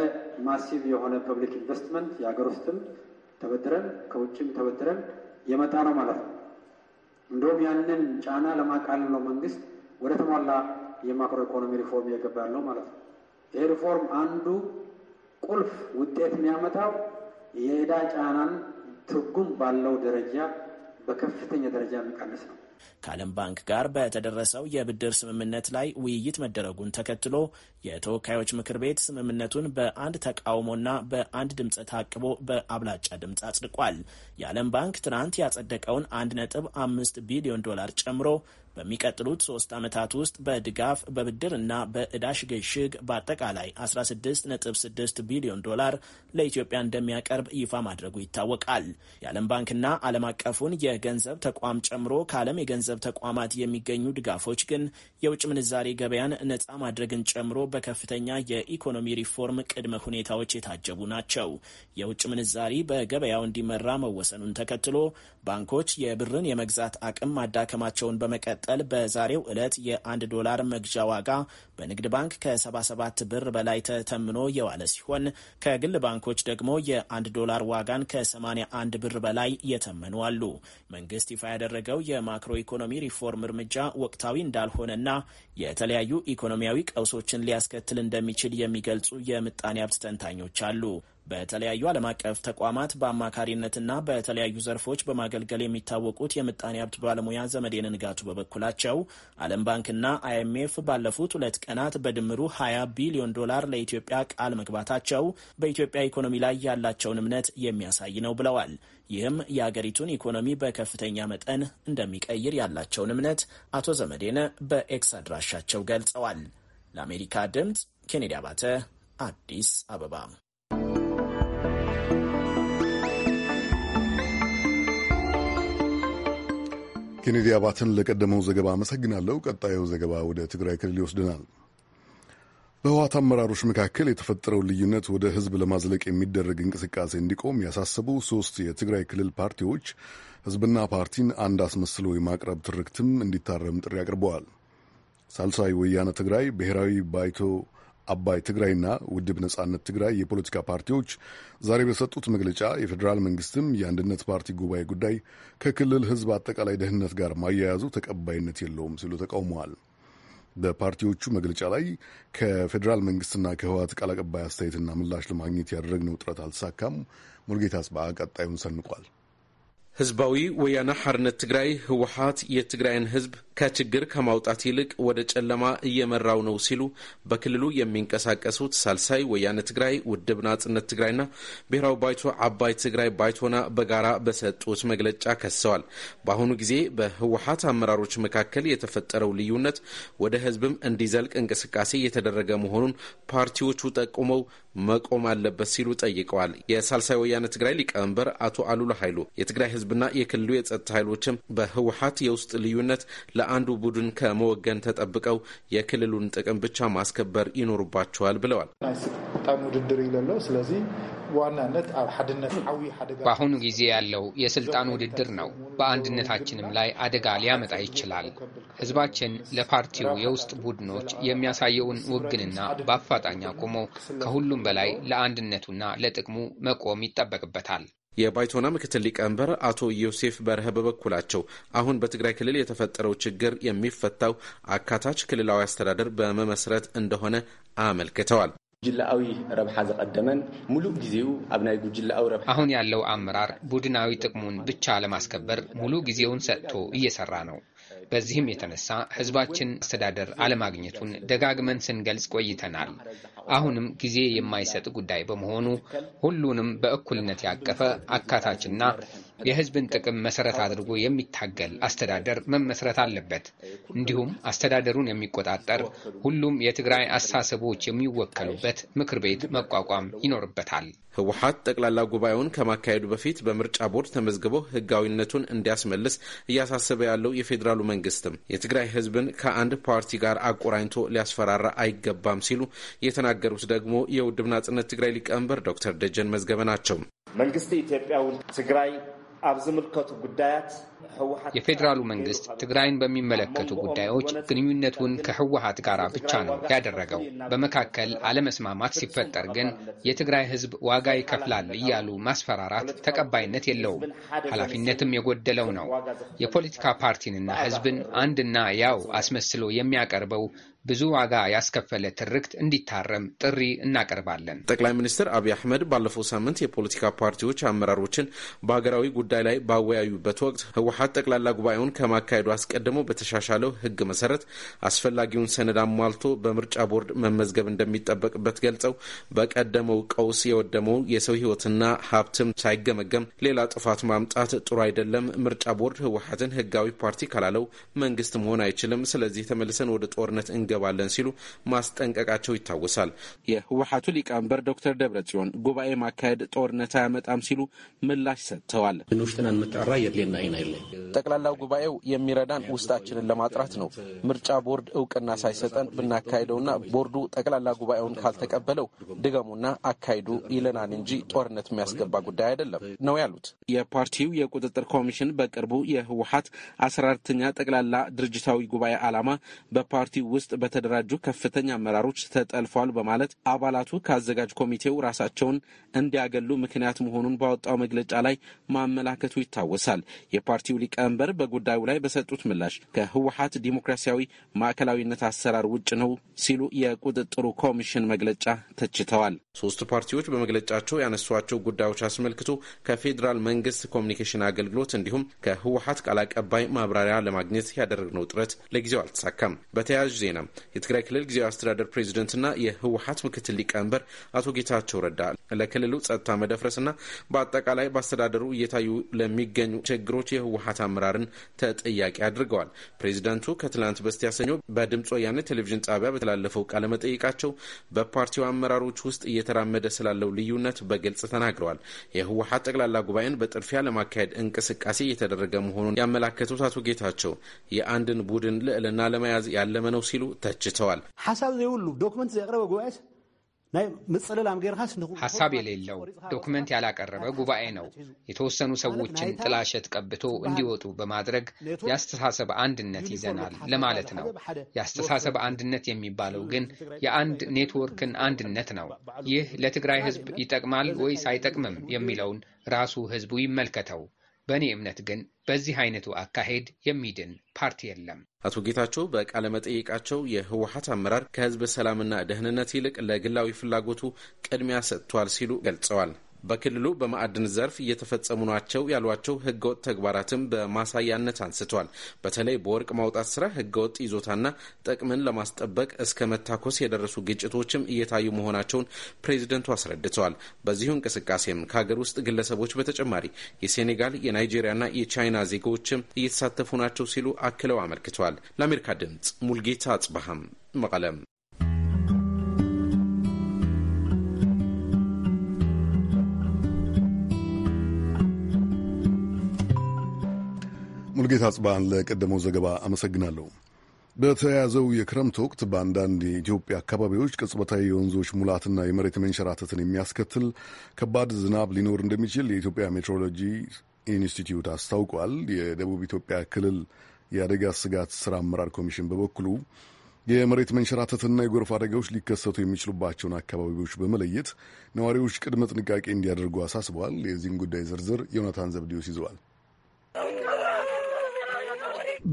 S5: ማሲቭ የሆነ ፐብሊክ ኢንቨስትመንት የሀገር ውስጥም ተበድረን ከውጭም ተበድረን የመጣ ነው ማለት ነው። እንደውም ያንን ጫና ለማቃለል ነው መንግስት ወደ ተሟላ የማክሮ ኢኮኖሚ ሪፎርም እየገባ ያለው ማለት ነው። ይሄ ሪፎርም አንዱ ቁልፍ ውጤት የሚያመጣው የዕዳ ጫናን ትርጉም ባለው ደረጃ በከፍተኛ ደረጃ የሚቀንስ ነው።
S4: ከዓለም ባንክ ጋር በተደረሰው የብድር ስምምነት ላይ ውይይት መደረጉን ተከትሎ የተወካዮች ምክር ቤት ስምምነቱን በአንድ ተቃውሞና በአንድ ድምፅ ታቅቦ በአብላጫ ድምፅ አጽድቋል። የዓለም ባንክ ትናንት ያጸደቀውን 1.5 ቢሊዮን ዶላር ጨምሮ በሚቀጥሉት ሶስት ዓመታት ውስጥ በድጋፍ በብድርና በዕዳ ሽግሽግ በአጠቃላይ 16.6 ቢሊዮን ዶላር ለኢትዮጵያ እንደሚያቀርብ ይፋ ማድረጉ ይታወቃል። የዓለም ባንክና ዓለም አቀፉን የገንዘብ ተቋም ጨምሮ ከዓለም የገንዘብ ተቋማት የሚገኙ ድጋፎች ግን የውጭ ምንዛሬ ገበያን ነፃ ማድረግን ጨምሮ በከፍተኛ የኢኮኖሚ ሪፎርም ቅድመ ሁኔታዎች የታጀቡ ናቸው። የውጭ ምንዛሪ በገበያው እንዲመራ መወሰኑን ተከትሎ ባንኮች የብርን የመግዛት አቅም ማዳከማቸውን በመቀጠል በመቀጠል በዛሬው ዕለት የአንድ ዶላር መግዣ ዋጋ በንግድ ባንክ ከ77 ብር በላይ ተተምኖ የዋለ ሲሆን ከግል ባንኮች ደግሞ የአንድ ዶላር ዋጋን ከ81 ብር በላይ የተመኑ አሉ። መንግስት ይፋ ያደረገው የማክሮ ኢኮኖሚ ሪፎርም እርምጃ ወቅታዊ እንዳልሆነና የተለያዩ ኢኮኖሚያዊ ቀውሶችን ሊያስከትል እንደሚችል የሚገልጹ የምጣኔ ሀብት ተንታኞች አሉ። በተለያዩ ዓለም አቀፍ ተቋማት በአማካሪነትና በተለያዩ ዘርፎች በማገልገል የሚታወቁት የምጣኔ ሀብት ባለሙያ ዘመዴን ንጋቱ በበኩላቸው ዓለም ባንክና አይኤምኤፍ ባለፉት ሁለት ቀናት በድምሩ 20 ቢሊዮን ዶላር ለኢትዮጵያ ቃል መግባታቸው በኢትዮጵያ ኢኮኖሚ ላይ ያላቸውን እምነት የሚያሳይ ነው ብለዋል። ይህም የአገሪቱን ኢኮኖሚ በከፍተኛ መጠን እንደሚቀይር ያላቸውን እምነት አቶ ዘመዴነ በኤክስ አድራሻቸው ገልጸዋል። ለአሜሪካ ድምፅ ኬኔዲ አባተ አዲስ አበባ
S1: ኬኔዲ አባትን ለቀደመው ዘገባ አመሰግናለሁ። ቀጣዩ ዘገባ ወደ ትግራይ ክልል ይወስድናል። በህወሓት አመራሮች መካከል የተፈጠረውን ልዩነት ወደ ህዝብ ለማዝለቅ የሚደረግ እንቅስቃሴ እንዲቆም ያሳሰቡ ሶስት የትግራይ ክልል ፓርቲዎች ህዝብና ፓርቲን አንድ አስመስሎ የማቅረብ ትርክትም እንዲታረም ጥሪ አቅርበዋል። ሳልሳይ ወያነ ትግራይ፣ ብሔራዊ ባይቶ አባይ ትግራይና ውድብ ነጻነት ትግራይ የፖለቲካ ፓርቲዎች ዛሬ በሰጡት መግለጫ የፌዴራል መንግስትም የአንድነት ፓርቲ ጉባኤ ጉዳይ ከክልል ህዝብ አጠቃላይ ደህንነት ጋር ማያያዙ ተቀባይነት የለውም ሲሉ ተቃውመዋል። በፓርቲዎቹ መግለጫ ላይ ከፌዴራል መንግስትና ከህወሓት ቃል አቀባይ አስተያየትና ምላሽ ለማግኘት ያደረግነው ጥረት አልተሳካም። ሙልጌታ አጽባ ቀጣዩን ሰንቋል።
S7: ህዝባዊ ወያነ ሐርነት ትግራይ ህወሓት የትግራይን ህዝብ ከችግር ከማውጣት ይልቅ ወደ ጨለማ እየመራው ነው ሲሉ በክልሉ የሚንቀሳቀሱት ሳልሳይ ወያነ ትግራይ፣ ውድብ ናጽነት ትግራይና ብሔራዊ ባይቶ አባይ ትግራይ ባይቶና በጋራ በሰጡት መግለጫ ከሰዋል። በአሁኑ ጊዜ በህወሀት አመራሮች መካከል የተፈጠረው ልዩነት ወደ ህዝብም እንዲዘልቅ እንቅስቃሴ የተደረገ መሆኑን ፓርቲዎቹ ጠቁመው መቆም አለበት ሲሉ ጠይቀዋል። የሳልሳይ ወያነ ትግራይ ሊቀመንበር አቶ አሉላ ኃይሉ የትግራይ ህዝብና የክልሉ የጸጥታ ኃይሎችም በህወሀት የውስጥ ልዩነት ለአንዱ ቡድን ከመወገን ተጠብቀው የክልሉን ጥቅም ብቻ ማስከበር ይኖርባቸዋል ብለዋል። በአሁኑ ጊዜ ያለው የስልጣን
S8: ውድድር ነው። በአንድነታችንም ላይ አደጋ ሊያመጣ ይችላል። ህዝባችን ለፓርቲው የውስጥ ቡድኖች የሚያሳየውን ውግንና በአፋጣኝ አቁሞ ከሁሉም በላይ ለአንድነቱና ለጥቅሙ መቆም ይጠበቅበታል።
S7: የባይቶና ምክትል ሊቀመንበር አቶ ዮሴፍ በርሀ በበኩላቸው አሁን በትግራይ ክልል የተፈጠረው ችግር የሚፈታው አካታች ክልላዊ አስተዳደር በመመስረት እንደሆነ አመልክተዋል። ጅላዊ ረብሓ ዘቀደመን ሙሉእ ጊዜው ኣብ ናይ ጉጅላዊ ረብ አሁን ያለው አመራር ቡድናዊ ጥቅሙን ብቻ
S8: ለማስከበር ሙሉ ጊዜውን ሰጥቶ እየሰራ ነው። በዚህም የተነሳ ህዝባችን አስተዳደር አለማግኘቱን ደጋግመን ስንገልጽ ቆይተናል። አሁንም ጊዜ የማይሰጥ ጉዳይ በመሆኑ ሁሉንም በእኩልነት ያቀፈ አካታችና የህዝብን ጥቅም መሰረት አድርጎ የሚታገል አስተዳደር መመስረት አለበት። እንዲሁም አስተዳደሩን የሚቆጣጠር ሁሉም የትግራይ አስተሳሰቦች የሚወከሉበት ምክር ቤት መቋቋም
S7: ይኖርበታል። ህወሀት ጠቅላላ ጉባኤውን ከማካሄዱ በፊት በምርጫ ቦርድ ተመዝግቦ ህጋዊነቱን እንዲያስመልስ እያሳሰበ ያለው የፌዴራሉ መንግስትም የትግራይ ህዝብን ከአንድ ፓርቲ ጋር አቆራኝቶ ሊያስፈራራ አይገባም ሲሉ የተናገሩት ደግሞ የውድብ ናጽነት ትግራይ ሊቀመንበር ዶክተር ደጀን መዝገበ ናቸው።
S9: መንግስት ኢትዮጵያውን ትግራይ
S8: የፌዴራሉ መንግስት ትግራይን በሚመለከቱ ጉዳዮች ግንኙነቱን ከህወሀት ጋር ብቻ ነው ያደረገው። በመካከል አለመስማማት ሲፈጠር ግን የትግራይ ህዝብ ዋጋ ይከፍላል እያሉ ማስፈራራት ተቀባይነት የለውም፣
S4: ኃላፊነትም
S8: የጎደለው ነው። የፖለቲካ ፓርቲንና ህዝብን አንድና ያው አስመስሎ የሚያቀርበው ብዙ ዋጋ ያስከፈለ ትርክት እንዲታረም ጥሪ እናቀርባለን።
S7: ጠቅላይ ሚኒስትር አብይ አህመድ ባለፈው ሳምንት የፖለቲካ ፓርቲዎች አመራሮችን በሀገራዊ ጉዳይ ላይ ባወያዩበት ወቅት ህወሀት ጠቅላላ ጉባኤውን ከማካሄዱ አስቀድሞ በተሻሻለው ህግ መሰረት አስፈላጊውን ሰነድ አሟልቶ በምርጫ ቦርድ መመዝገብ እንደሚጠበቅበት ገልጸው በቀደመው ቀውስ የወደመው የሰው ህይወትና ሀብትም ሳይገመገም ሌላ ጥፋት ማምጣት ጥሩ አይደለም። ምርጫ ቦርድ ህወሀትን ህጋዊ ፓርቲ ካላለው መንግስት መሆን አይችልም። ስለዚህ ተመልሰን ወደ ጦርነት እንገ እንገባለን ሲሉ ማስጠንቀቃቸው ይታወሳል። የህወሀቱ ሊቀመንበር ዶክተር ደብረ ጽዮን ጉባኤ ማካሄድ ጦርነት አያመጣም ሲሉ ምላሽ ሰጥተዋል። ጠቅላላው ጉባኤው የሚረዳን ውስጣችንን ለማጥራት ነው። ምርጫ ቦርድ እውቅና ሳይሰጠን ብናካሄደውና ቦርዱ ጠቅላላ ጉባኤውን ካልተቀበለው ድገሙና አካሂዱ ይለናል እንጂ ጦርነት የሚያስገባ ጉዳይ አይደለም ነው ያሉት። የፓርቲው የቁጥጥር ኮሚሽን በቅርቡ የህወሀት አስራ አራተኛ ጠቅላላ ድርጅታዊ ጉባኤ ዓላማ በፓርቲው ውስጥ በተደራጁ ከፍተኛ አመራሮች ተጠልፏል በማለት አባላቱ ከአዘጋጅ ኮሚቴው ራሳቸውን እንዲያገሉ ምክንያት መሆኑን ባወጣው መግለጫ ላይ ማመላከቱ ይታወሳል። የፓርቲው ሊቀመንበር በጉዳዩ ላይ በሰጡት ምላሽ ከህወሀት ዲሞክራሲያዊ ማዕከላዊነት አሰራር ውጭ ነው ሲሉ የቁጥጥሩ ኮሚሽን መግለጫ ተችተዋል። ሶስቱ ፓርቲዎች በመግለጫቸው ያነሷቸው ጉዳዮች አስመልክቶ ከፌዴራል መንግስት ኮሚኒኬሽን አገልግሎት እንዲሁም ከህወሀት ቃል አቀባይ ማብራሪያ ለማግኘት ያደረግነው ጥረት ለጊዜው አልተሳካም። በተያያዥ ዜናም የትግራይ ክልል ጊዜያዊ አስተዳደር ፕሬዚደንትና የህወሀት ምክትል ሊቀመንበር አቶ ጌታቸው ረዳ ለክልሉ ጸጥታ መደፍረስና በአጠቃላይ በአስተዳደሩ እየታዩ ለሚገኙ ችግሮች የህወሀት አመራርን ተጠያቂ አድርገዋል። ፕሬዚደንቱ ከትላንት በስቲያ ሰኞ በድምፅ ወያነ ቴሌቪዥን ጣቢያ በተላለፈው መጠይቃቸው በፓርቲው አመራሮች ውስጥ እየተራመደ ስላለው ልዩነት በግልጽ ተናግረዋል። የህወሀት ጠቅላላ ጉባኤን በጥድፊያ ለማካሄድ እንቅስቃሴ እየተደረገ መሆኑን ያመላከቱት አቶ ጌታቸው የአንድን ቡድን ልዕልና ለመያዝ ያለመ ነው ሲሉ ተችተዋል።
S8: ሓሳብ
S2: ዘይብሉ ዶክመንት ዘቅረበ ጉባኤስ
S8: ሓሳብ የሌለው ዶክመንት ያላቀረበ ጉባኤ ነው። የተወሰኑ ሰዎችን ጥላሸት ቀብቶ እንዲወጡ በማድረግ የአስተሳሰብ አንድነት ይዘናል ለማለት ነው።
S10: የአስተሳሰብ
S8: አንድነት የሚባለው ግን የአንድ ኔትወርክን አንድነት ነው። ይህ ለትግራይ ህዝብ ይጠቅማል ወይስ አይጠቅምም የሚለውን ራሱ ህዝቡ ይመልከተው። በእኔ እምነት ግን በዚህ አይነቱ አካሄድ የሚድን ፓርቲ የለም።
S7: አቶ ጌታቸው በቃለ መጠየቃቸው የህወሀት አመራር ከህዝብ ሰላምና ደህንነት ይልቅ ለግላዊ ፍላጎቱ ቅድሚያ ሰጥቷል ሲሉ ገልጸዋል። በክልሉ በማዕድን ዘርፍ እየተፈጸሙ ናቸው ያሏቸው ህገወጥ ተግባራትም በማሳያነት አንስቷል። በተለይ በወርቅ ማውጣት ስራ ህገወጥ ይዞታና ጥቅምን ለማስጠበቅ እስከ መታኮስ የደረሱ ግጭቶችም እየታዩ መሆናቸውን ፕሬዚደንቱ አስረድተዋል። በዚሁ እንቅስቃሴም ከሀገር ውስጥ ግለሰቦች በተጨማሪ የሴኔጋል፣ የናይጄሪያና የቻይና ዜጎችም እየተሳተፉ ናቸው ሲሉ አክለው አመልክተዋል። ለአሜሪካ ድምጽ ሙልጌታ አጽባሃም መቀለም
S1: ሙልጌታ ጽባን ለቀደመው ዘገባ አመሰግናለሁ። በተያያዘው የክረምት ወቅት በአንዳንድ የኢትዮጵያ አካባቢዎች ቅጽበታዊ የወንዞች ሙላትና የመሬት መንሸራተትን የሚያስከትል ከባድ ዝናብ ሊኖር እንደሚችል የኢትዮጵያ ሜትሮሎጂ ኢንስቲትዩት አስታውቋል። የደቡብ ኢትዮጵያ ክልል የአደጋ ስጋት ስራ አመራር ኮሚሽን በበኩሉ የመሬት መንሸራተትና የጎርፍ አደጋዎች ሊከሰቱ የሚችሉባቸውን አካባቢዎች በመለየት ነዋሪዎች ቅድመ ጥንቃቄ እንዲያደርጉ አሳስበዋል። የዚህን ጉዳይ ዝርዝር ዮናታን ዘብዲዮስ ይዘዋል።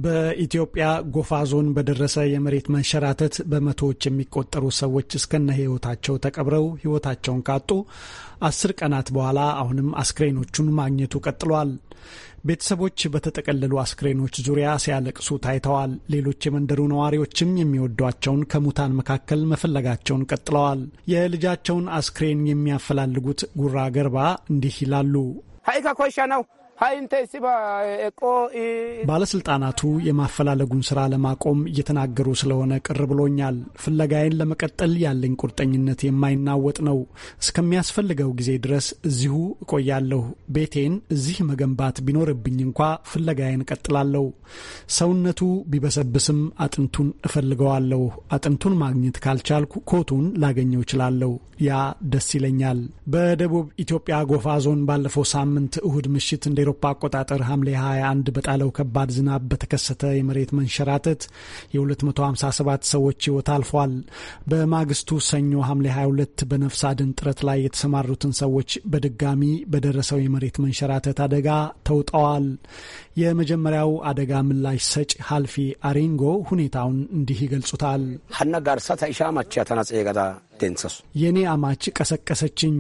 S2: በኢትዮጵያ ጎፋ ዞን በደረሰ የመሬት መንሸራተት በመቶዎች የሚቆጠሩ ሰዎች እስከነ ሕይወታቸው ተቀብረው ሕይወታቸውን ካጡ አስር ቀናት በኋላ አሁንም አስክሬኖቹን ማግኘቱ ቀጥሏል። ቤተሰቦች በተጠቀለሉ አስክሬኖች ዙሪያ ሲያለቅሱ ታይተዋል። ሌሎች የመንደሩ ነዋሪዎችም የሚወዷቸውን ከሙታን መካከል መፈለጋቸውን ቀጥለዋል። የልጃቸውን አስክሬን የሚያፈላልጉት ጉራ ገርባ እንዲህ ይላሉ።
S8: ሀይካ ኮሻ ነው
S2: ባለስልጣናቱ የማፈላለጉን ስራ ለማቆም እየተናገሩ ስለሆነ ቅር ብሎኛል። ፍለጋዬን ለመቀጠል ያለኝ ቁርጠኝነት የማይናወጥ ነው። እስከሚያስፈልገው ጊዜ ድረስ እዚሁ እቆያለሁ። ቤቴን እዚህ መገንባት ቢኖርብኝ እንኳ ፍለጋዬን እቀጥላለሁ። ሰውነቱ ቢበሰብስም አጥንቱን እፈልገዋለሁ። አጥንቱን ማግኘት ካልቻልኩ ኮቱን ላገኘው እችላለሁ። ያ ደስ ይለኛል። በደቡብ ኢትዮጵያ ጎፋ ዞን ባለፈው ሳምንት እሁድ ምሽት እንደ አውሮፓ አቆጣጠር ሐምሌ 21 በጣለው ከባድ ዝናብ በተከሰተ የመሬት መንሸራተት የ257 ሰዎች ሕይወት አልፏል። በማግስቱ ሰኞ ሐምሌ 22 በነፍስ አድን ጥረት ላይ የተሰማሩትን ሰዎች በድጋሚ በደረሰው የመሬት መንሸራተት አደጋ ተውጠዋል። የመጀመሪያው አደጋ ምላሽ ሰጭ ሀልፊ አሪንጎ ሁኔታውን እንዲህ ይገልጹታል።
S5: ሀና ጋርሳ ተይሻ ማቻ ተናጽ
S2: የእኔ አማች ቀሰቀሰችኝ።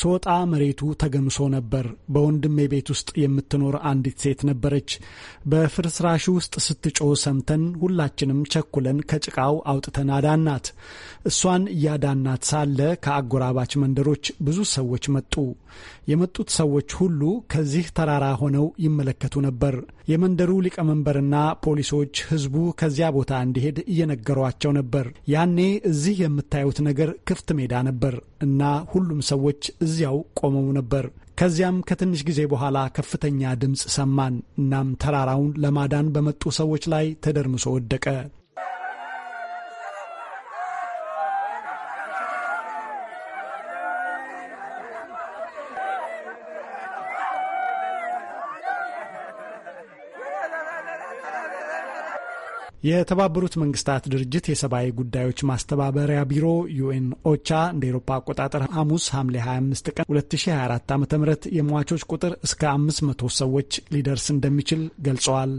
S2: ስወጣ መሬቱ ተገምሶ ነበር። በወንድሜ ቤት ውስጥ የምትኖር አንዲት ሴት ነበረች። በፍርስራሽ ውስጥ ስትጮ ሰምተን ሁላችንም ቸኩለን ከጭቃው አውጥተን አዳናት። እሷን እያዳናት ሳለ ከአጎራባች መንደሮች ብዙ ሰዎች መጡ። የመጡት ሰዎች ሁሉ ከዚህ ተራራ ሆነው ይመለከቱ ነበር። የመንደሩ ሊቀመንበርና ፖሊሶች ህዝቡ ከዚያ ቦታ እንዲሄድ እየነገሯቸው ነበር። ያኔ እዚህ የምታዩት ነገር ክፍት ሜዳ ነበር እና ሁሉም ሰዎች እዚያው ቆመው ነበር። ከዚያም ከትንሽ ጊዜ በኋላ ከፍተኛ ድምፅ ሰማን። እናም ተራራውን ለማዳን በመጡ ሰዎች ላይ ተደርምሶ ወደቀ። የተባበሩት መንግስታት ድርጅት የሰብአዊ ጉዳዮች ማስተባበሪያ ቢሮ ዩኤን ኦቻ እንደ ኤሮፓ አቆጣጠር ሐሙስ ሐምሌ 25 ቀን 2024 ዓ ም የሟቾች ቁጥር እስከ 500 ሰዎች ሊደርስ እንደሚችል ገልጸዋል።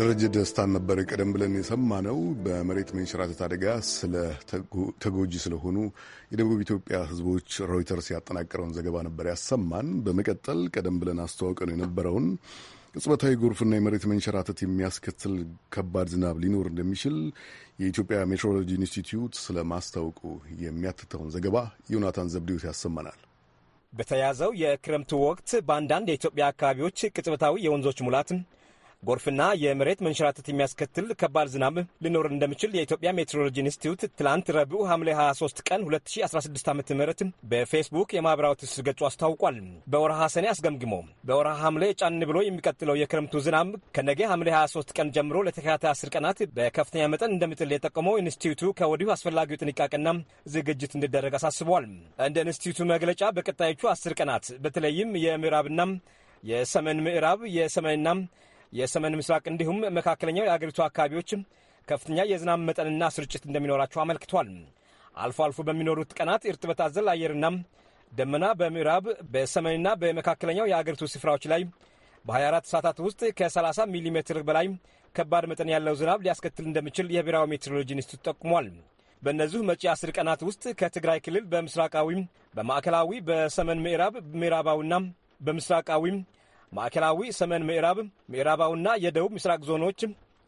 S1: ደረጀ ደስታን ነበር ቀደም ብለን የሰማነው። በመሬት መንሸራተት አደጋ ስለ ተጎጂ ስለሆኑ የደቡብ ኢትዮጵያ ሕዝቦች ሮይተርስ ያጠናቀረውን ዘገባ ነበር ያሰማን። በመቀጠል ቀደም ብለን አስተዋውቀን የነበረውን ቅጽበታዊ ጎርፍና የመሬት መንሸራተት የሚያስከትል ከባድ ዝናብ ሊኖር እንደሚችል የኢትዮጵያ ሜትሮሎጂ ኢንስቲትዩት ስለ ማስታወቁ የሚያትተውን ዘገባ ዮናታን ዘብዴዎስ ያሰማናል።
S9: በተያዘው የክረምቱ ወቅት በአንዳንድ የኢትዮጵያ አካባቢዎች ቅጽበታዊ የወንዞች ሙላት ጎርፍና የመሬት መንሸራተት የሚያስከትል ከባድ ዝናብ ሊኖር እንደሚችል የኢትዮጵያ ሜትሮሎጂ ኢንስቲትዩት ትላንት ረቡዕ ሐምሌ 23 ቀን 2016 ዓ ም በፌስቡክ የማኅበራዊ ትስስር ገጹ አስታውቋል። በወርሃ ሰኔ አስገምግሞ በወርሃ ሐምሌ ጫን ብሎ የሚቀጥለው የክረምቱ ዝናብ ከነገ ሐምሌ 23 ቀን ጀምሮ ለተከታታይ 10 ቀናት በከፍተኛ መጠን እንደሚጥል የጠቆመው ኢንስቲትዩቱ ከወዲሁ አስፈላጊው ጥንቃቄና ዝግጅት እንዲደረግ አሳስቧል። እንደ ኢንስቲትዩቱ መግለጫ በቀጣዮቹ 10 ቀናት በተለይም የምዕራብና የሰሜን ምዕራብ የሰሜንና የሰሜን ምስራቅ እንዲሁም መካከለኛው የአገሪቱ አካባቢዎችም ከፍተኛ የዝናብ መጠንና ስርጭት እንደሚኖራቸው አመልክቷል። አልፎ አልፎ በሚኖሩት ቀናት እርጥበት አዘል አየርና ደመና በምዕራብ በሰሜንና በመካከለኛው የአገሪቱ ስፍራዎች ላይ በ24 ሰዓታት ውስጥ ከ30 ሚሊ ሜትር በላይ ከባድ መጠን ያለው ዝናብ ሊያስከትል እንደሚችል የብሔራዊ ሜትሮሎጂ ኢንስቲቱት ጠቁሟል። በእነዚሁ መጪ አስር ቀናት ውስጥ ከትግራይ ክልል በምስራቃዊ፣ በማዕከላዊ፣ በሰሜን ምዕራብ ምዕራባዊና በምስራቃዊም ማዕከላዊ ሰሜን ምዕራብ፣ ምዕራባውና የደቡብ ምስራቅ ዞኖች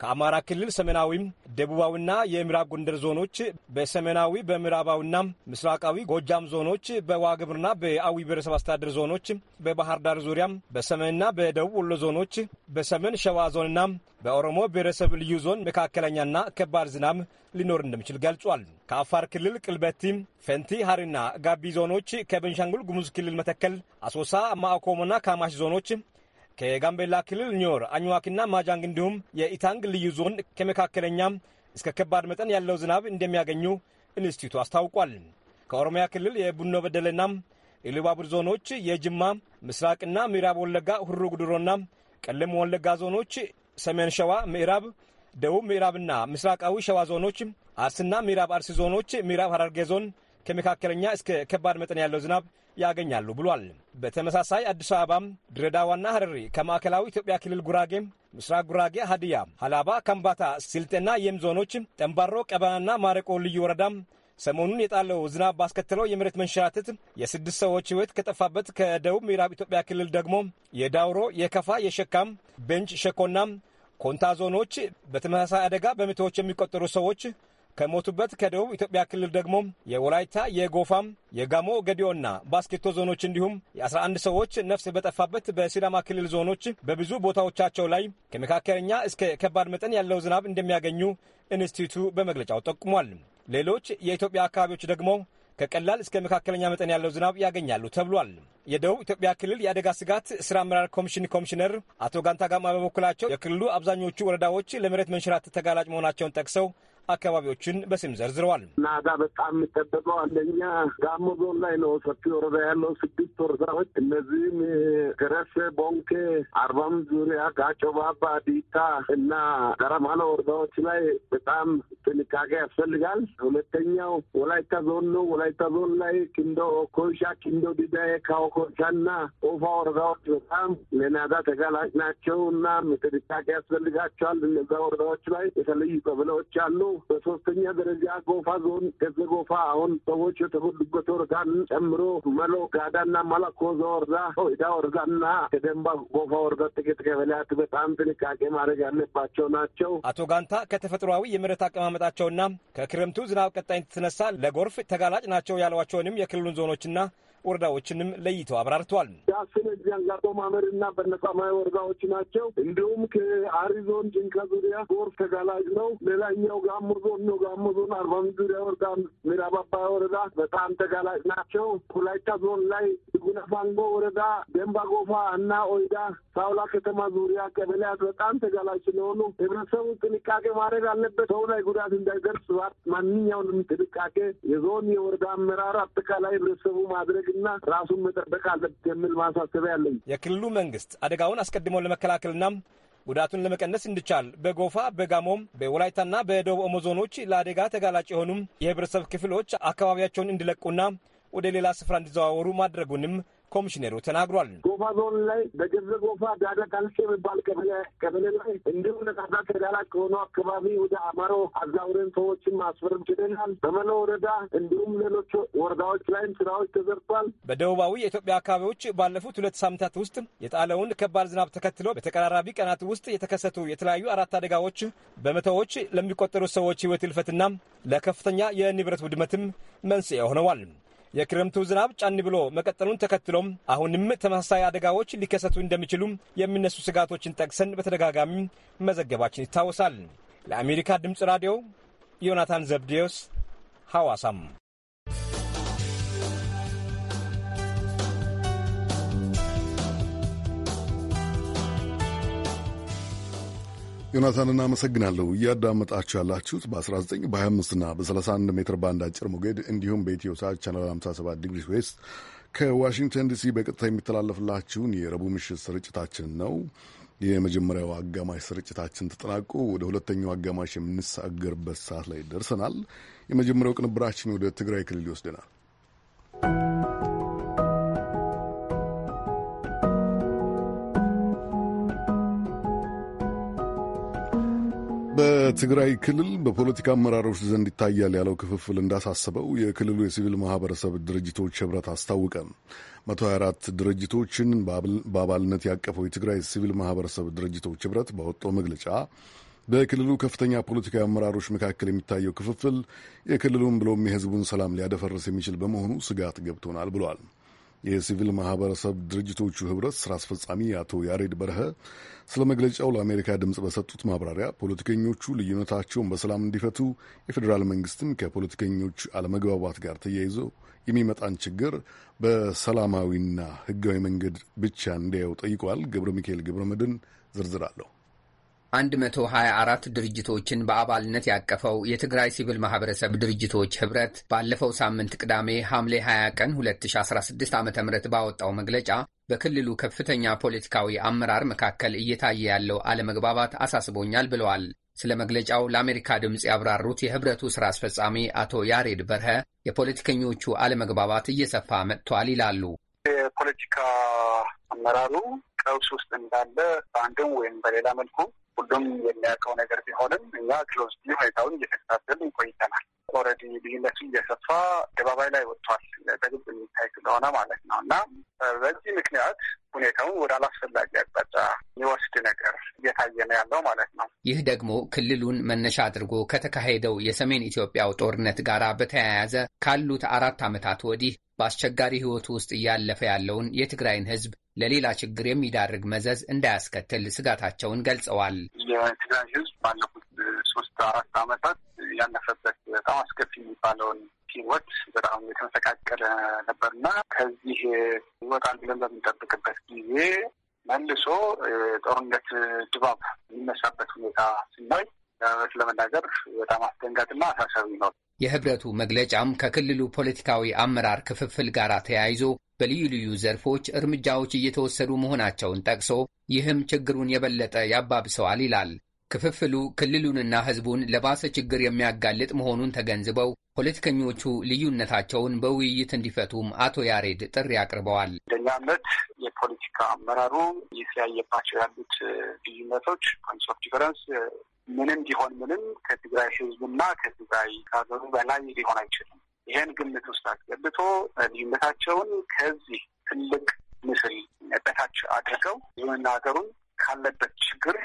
S9: ከአማራ ክልል ሰሜናዊም ደቡባዊና የምዕራብ ጎንደር ዞኖች በሰሜናዊ በምዕራባዊና ምስራቃዊ ጎጃም ዞኖች በዋግብርና በአዊ ብሔረሰብ አስተዳደር ዞኖች በባህር ዳር ዙሪያም በሰሜንና በደቡብ ወሎ ዞኖች በሰሜን ሸዋ ዞንና በኦሮሞ ብሔረሰብ ልዩ ዞን መካከለኛና ከባድ ዝናብ ሊኖር እንደሚችል ገልጿል። ከአፋር ክልል ቅልበቲ፣ ፈንቲ፣ ሀሪና ጋቢ ዞኖች፣ ከቤንሻንጉል ጉሙዝ ክልል መተከል፣ አሶሳ፣ ማዕኮሞና ካማሽ ዞኖች ከጋምቤላ ክልል ኒዮር፣ አኝዋክና ማጃንግ እንዲሁም የኢታንግ ልዩ ዞን ከመካከለኛ እስከ ከባድ መጠን ያለው ዝናብ እንደሚያገኙ ኢንስቲቱ አስታውቋል። ከኦሮሚያ ክልል የቡኖ በደለና የልባቡር ዞኖች የጅማ ምስራቅና ምዕራብ ወለጋ ሁሩ ጉድሮና ቀለም ወለጋ ዞኖች፣ ሰሜን ሸዋ፣ ምዕራብ ደቡብ ምዕራብና ምስራቃዊ ሸዋ ዞኖች፣ አርስና ምዕራብ አርሲ ዞኖች፣ ምዕራብ ሐረርጌ ዞን ከመካከለኛ እስከ ከባድ መጠን ያለው ዝናብ ያገኛሉ ብሏል። በተመሳሳይ አዲስ አበባም፣ ድረዳዋና ሀረሪ ከማዕከላዊ ኢትዮጵያ ክልል ጉራጌ፣ ምስራቅ ጉራጌ፣ ሀዲያ፣ ሀላባ፣ ከምባታ፣ ስልጤና የም ዞኖች፣ ጠንባሮ፣ ቀበናና ማረቆ ልዩ ወረዳም ሰሞኑን የጣለው ዝናብ ባስከተለው የመሬት መንሸራተት የስድስት ሰዎች ህይወት ከጠፋበት ከደቡብ ምዕራብ ኢትዮጵያ ክልል ደግሞ የዳውሮ፣ የከፋ፣ የሸካም፣ ቤንች ሸኮና ኮንታ ዞኖች በተመሳሳይ አደጋ በመቶዎች የሚቆጠሩ ሰዎች ከሞቱበት ከደቡብ ኢትዮጵያ ክልል ደግሞ የወላይታ፣ የጎፋም፣ የጋሞ ገዲዮና ባስኬቶ ዞኖች እንዲሁም የ11 ሰዎች ነፍስ በጠፋበት በሲዳማ ክልል ዞኖች በብዙ ቦታዎቻቸው ላይ ከመካከለኛ እስከ ከባድ መጠን ያለው ዝናብ እንደሚያገኙ ኢንስቲቱ በመግለጫው ጠቁሟል። ሌሎች የኢትዮጵያ አካባቢዎች ደግሞ ከቀላል እስከ መካከለኛ መጠን ያለው ዝናብ ያገኛሉ ተብሏል። የደቡብ ኢትዮጵያ ክልል የአደጋ ስጋት ስራ አመራር ኮሚሽን ኮሚሽነር አቶ ጋንታ ጋማ በበኩላቸው የክልሉ አብዛኞቹ ወረዳዎች ለመሬት መንሽራት ተጋላጭ መሆናቸውን ጠቅሰው አካባቢዎችን በስም ዘርዝረዋል። ናዳ በጣም የሚጠበቀው አንደኛ
S11: ጋሞ ዞን ላይ ነው። ሰፊ ወረዳ ያለው ስድስት ወረዳዎች እነዚህም ገረሴ፣ ቦንኬ፣ አርባም ዙሪያ፣ ጋጮ ባባ፣ ዲታ እና ገረማሎ ወረዳዎች ላይ በጣም ጥንቃቄ ያስፈልጋል። ሁለተኛው ወላይታ ዞን ነው። ወላይታ ዞን ላይ ኪንዶ ኮይሻ፣ ኪንዶ ዲዳዬ፣ ካዎ ኮይሻ እና ኦፋ ወረዳዎች በጣም ለናዳ ተጋላጭ ናቸው እና ጥንቃቄ ያስፈልጋቸዋል። እነዛ ወረዳዎች ላይ የተለዩ ቀበሌዎች አሉ። በሶስተኛ ደረጃ ጎፋ ዞን ገዘ ጎፋ አሁን ሰዎች የተጎዱበት ወረዳን ጨምሮ መሎ ጋዳና መለኮዞ ወረዳ፣ ሆይዳ ወረዳና ከደንባ ጎፋ ወረዳ ጥቂት ቀበሌያት በጣም ጥንቃቄ ማድረግ ያለባቸው ናቸው።
S9: አቶ ጋንታ ከተፈጥሯዊ የመሬት አቀማመጣቸውና ከክረምቱ ዝናብ ቀጣይነት የተነሳ ለጎርፍ ተጋላጭ ናቸው ያሏቸውንም የክልሉን ዞኖችና ወረዳዎችንም ለይተው አብራርተዋል።
S11: የአስነ ዚያንጋጦ ማመር እና በነጻማይ ወረዳዎች ናቸው። እንዲሁም ከአሪዞን ዞን ዙሪያ ጎርፍ ተጋላጭ ነው። ሌላኛው ጋሞ ዞን ነው። ጋሞ ዞን ዙሪያ ወረዳ፣ ምዕራብ ወረዳ በጣም ተጋላጭ ናቸው። ወላይታ ዞን ላይ ጉነፋንጎ ወረዳ፣ ደንባ ጎፋ እና ኦይዳ ሳውላ ከተማ ዙሪያ ቀበሌያት በጣም ተጋላጭ ስለሆኑ ህብረተሰቡ ጥንቃቄ ማድረግ አለበት። ሰው ላይ ጉዳት እንዳይደርስ ማንኛውንም ጥንቃቄ የዞን የወረዳ አመራር አጠቃላይ ህብረተሰቡ ማድረግ እና ራሱን መጠበቅ አለበት የሚል ማሳሰቢያ ያለኝ።
S9: የክልሉ መንግስት አደጋውን አስቀድሞ ለመከላከልና ጉዳቱን ለመቀነስ እንዲቻል በጎፋ በጋሞም በወላይታና በደቡብ ኦሞ ዞኖች ለአደጋ ተጋላጭ የሆኑም የህብረተሰብ ክፍሎች አካባቢያቸውን እንዲለቁና ወደ ሌላ ስፍራ እንዲዘዋወሩ ማድረጉንም ኮሚሽነሩ ተናግሯል።
S11: ጎፋ ዞን ላይ በገዘ ጎፋ ዳዳ ካልሴ የሚባል ቀበሌ ቀበሌ ላይ እንዲሁም ነቃዳ ተዳላ ከሆኑ አካባቢ ወደ አማሮ አዛውረን ሰዎችን ማስፈርም ችለናል። በመለ ወረዳ እንዲሁም ሌሎች ወረዳዎች ላይም ስራዎች ተዘርቷል።
S9: በደቡባዊ የኢትዮጵያ አካባቢዎች ባለፉት ሁለት ሳምንታት ውስጥ የጣለውን ከባድ ዝናብ ተከትሎ በተቀራራቢ ቀናት ውስጥ የተከሰቱ የተለያዩ አራት አደጋዎች በመቶዎች ለሚቆጠሩ ሰዎች ህይወት ህልፈትና ለከፍተኛ የንብረት ውድመትም መንስኤ ሆነዋል። የክረምቱ ዝናብ ጫን ብሎ መቀጠሉን ተከትሎም አሁንም ተመሳሳይ አደጋዎች ሊከሰቱ እንደሚችሉ የሚነሱ ስጋቶችን ጠቅሰን በተደጋጋሚ መዘገባችን ይታወሳል። ለአሜሪካ ድምፅ ራዲዮ ዮናታን ዘብዴዎስ ሐዋሳም
S1: ዮናታን እናመሰግናለሁ። እያዳመጣችሁ ያላችሁት በ19 በ25ና በ31 ሜትር ባንድ አጭር ሞገድ እንዲሁም በኢትዮ ሳት ቻናል 57 ዲግሪ ዌስት ከዋሽንግተን ዲሲ በቀጥታ የሚተላለፍላችሁን የረቡዕ ምሽት ስርጭታችን ነው። የመጀመሪያው አጋማሽ ስርጭታችን ተጠናቆ ወደ ሁለተኛው አጋማሽ የምንሳገርበት ሰዓት ላይ ደርሰናል። የመጀመሪያው ቅንብራችን ወደ ትግራይ ክልል ይወስደናል። በትግራይ ክልል በፖለቲካ አመራሮች ዘንድ ይታያል ያለው ክፍፍል እንዳሳሰበው የክልሉ የሲቪል ማህበረሰብ ድርጅቶች ህብረት አስታወቀ። 124 ድርጅቶችን በአባልነት ያቀፈው የትግራይ ሲቪል ማህበረሰብ ድርጅቶች ህብረት በወጣው መግለጫ በክልሉ ከፍተኛ ፖለቲካዊ አመራሮች መካከል የሚታየው ክፍፍል የክልሉን ብሎም የህዝቡን ሰላም ሊያደፈርስ የሚችል በመሆኑ ስጋት ገብቶናል ብሏል። የሲቪል ማህበረሰብ ድርጅቶቹ ህብረት ስራ አስፈጻሚ አቶ ያሬድ በረሀ ስለ መግለጫው ለአሜሪካ ድምፅ በሰጡት ማብራሪያ ፖለቲከኞቹ ልዩነታቸውን በሰላም እንዲፈቱ የፌዴራል መንግስትም ከፖለቲከኞች አለመግባባት ጋር ተያይዞ የሚመጣን ችግር በሰላማዊና ህጋዊ መንገድ ብቻ እንዲያየው ጠይቋል። ገብረ ሚካኤል ገብረ መድን ዝርዝር አለሁ
S8: 124 ድርጅቶችን በአባልነት ያቀፈው የትግራይ ሲቪል ማህበረሰብ ድርጅቶች ህብረት ባለፈው ሳምንት ቅዳሜ ሐምሌ 20 ቀን 2016 ዓ ም ባወጣው መግለጫ በክልሉ ከፍተኛ ፖለቲካዊ አመራር መካከል እየታየ ያለው አለመግባባት አሳስቦኛል ብለዋል። ስለ መግለጫው ለአሜሪካ ድምፅ ያብራሩት የህብረቱ ሥራ አስፈጻሚ አቶ ያሬድ በርሀ የፖለቲከኞቹ አለመግባባት እየሰፋ መጥቷል ይላሉ።
S10: የፖለቲካ አመራሩ ቀውስ ውስጥ እንዳለ በአንድም ወይም በሌላ መልኩ ሁሉም የሚያውቀው ነገር ቢሆንም እኛ ክሎዝሊ ሁኔታውን እየተከታተልን ቆይተናል። ኦልሬዲ ልዩነቱ እየሰፋ አደባባይ ላይ ወጥቷል፣ በግልጽ የሚታይ ስለሆነ ማለት ነው እና በዚህ ምክንያት ሁኔታውን ወደ አላስፈላጊ አቅጣጫ የሚወስድ ነገር እየታየ ነው ያለው ማለት ነው።
S8: ይህ ደግሞ ክልሉን መነሻ አድርጎ ከተካሄደው የሰሜን ኢትዮጵያው ጦርነት ጋር በተያያዘ ካሉት አራት ዓመታት ወዲህ በአስቸጋሪ ሕይወቱ ውስጥ እያለፈ ያለውን የትግራይን ሕዝብ ለሌላ ችግር የሚዳርግ መዘዝ እንዳያስከትል ስጋታቸውን ገልጸዋል።
S10: የትግራይ ሕዝብ ባለፉት ሶስት አራት ዓመታት ያለፈበት በጣም አስከፊ የሚባለውን ህይወት በጣም የተመሰቃቀለ ነበርና ከዚህ ይወጣል ብለን በምንጠብቅበት ጊዜ መልሶ ጦርነት ድባብ የሚነሳበት ሁኔታ ስናይ ነት ለመናገር በጣም አስደንጋጭና
S8: አሳሳቢ ነው። የህብረቱ መግለጫም ከክልሉ ፖለቲካዊ አመራር ክፍፍል ጋር ተያይዞ በልዩ ልዩ ዘርፎች እርምጃዎች እየተወሰዱ መሆናቸውን ጠቅሶ ይህም ችግሩን የበለጠ ያባብሰዋል ይላል። ክፍፍሉ ክልሉንና ህዝቡን ለባሰ ችግር የሚያጋልጥ መሆኑን ተገንዝበው ፖለቲከኞቹ ልዩነታቸውን በውይይት እንዲፈቱም አቶ ያሬድ ጥሪ አቅርበዋል። እንደኛ እምነት
S10: የፖለቲካ አመራሩ የተለያየባቸው ያሉት ልዩነቶች ፖይንትስ ኦፍ ዲፈረንስ ምንም ቢሆን ምንም ከትግራይ ሕዝብና ከትግራይ ከሀገሩ በላይ ሊሆን አይችልም። ይህን ግምት ውስጥ አስገብቶ ልዩነታቸውን ከዚህ ትልቅ ምስል በታች አድርገው ይሁንና ሀገሩን ካለበት ችግር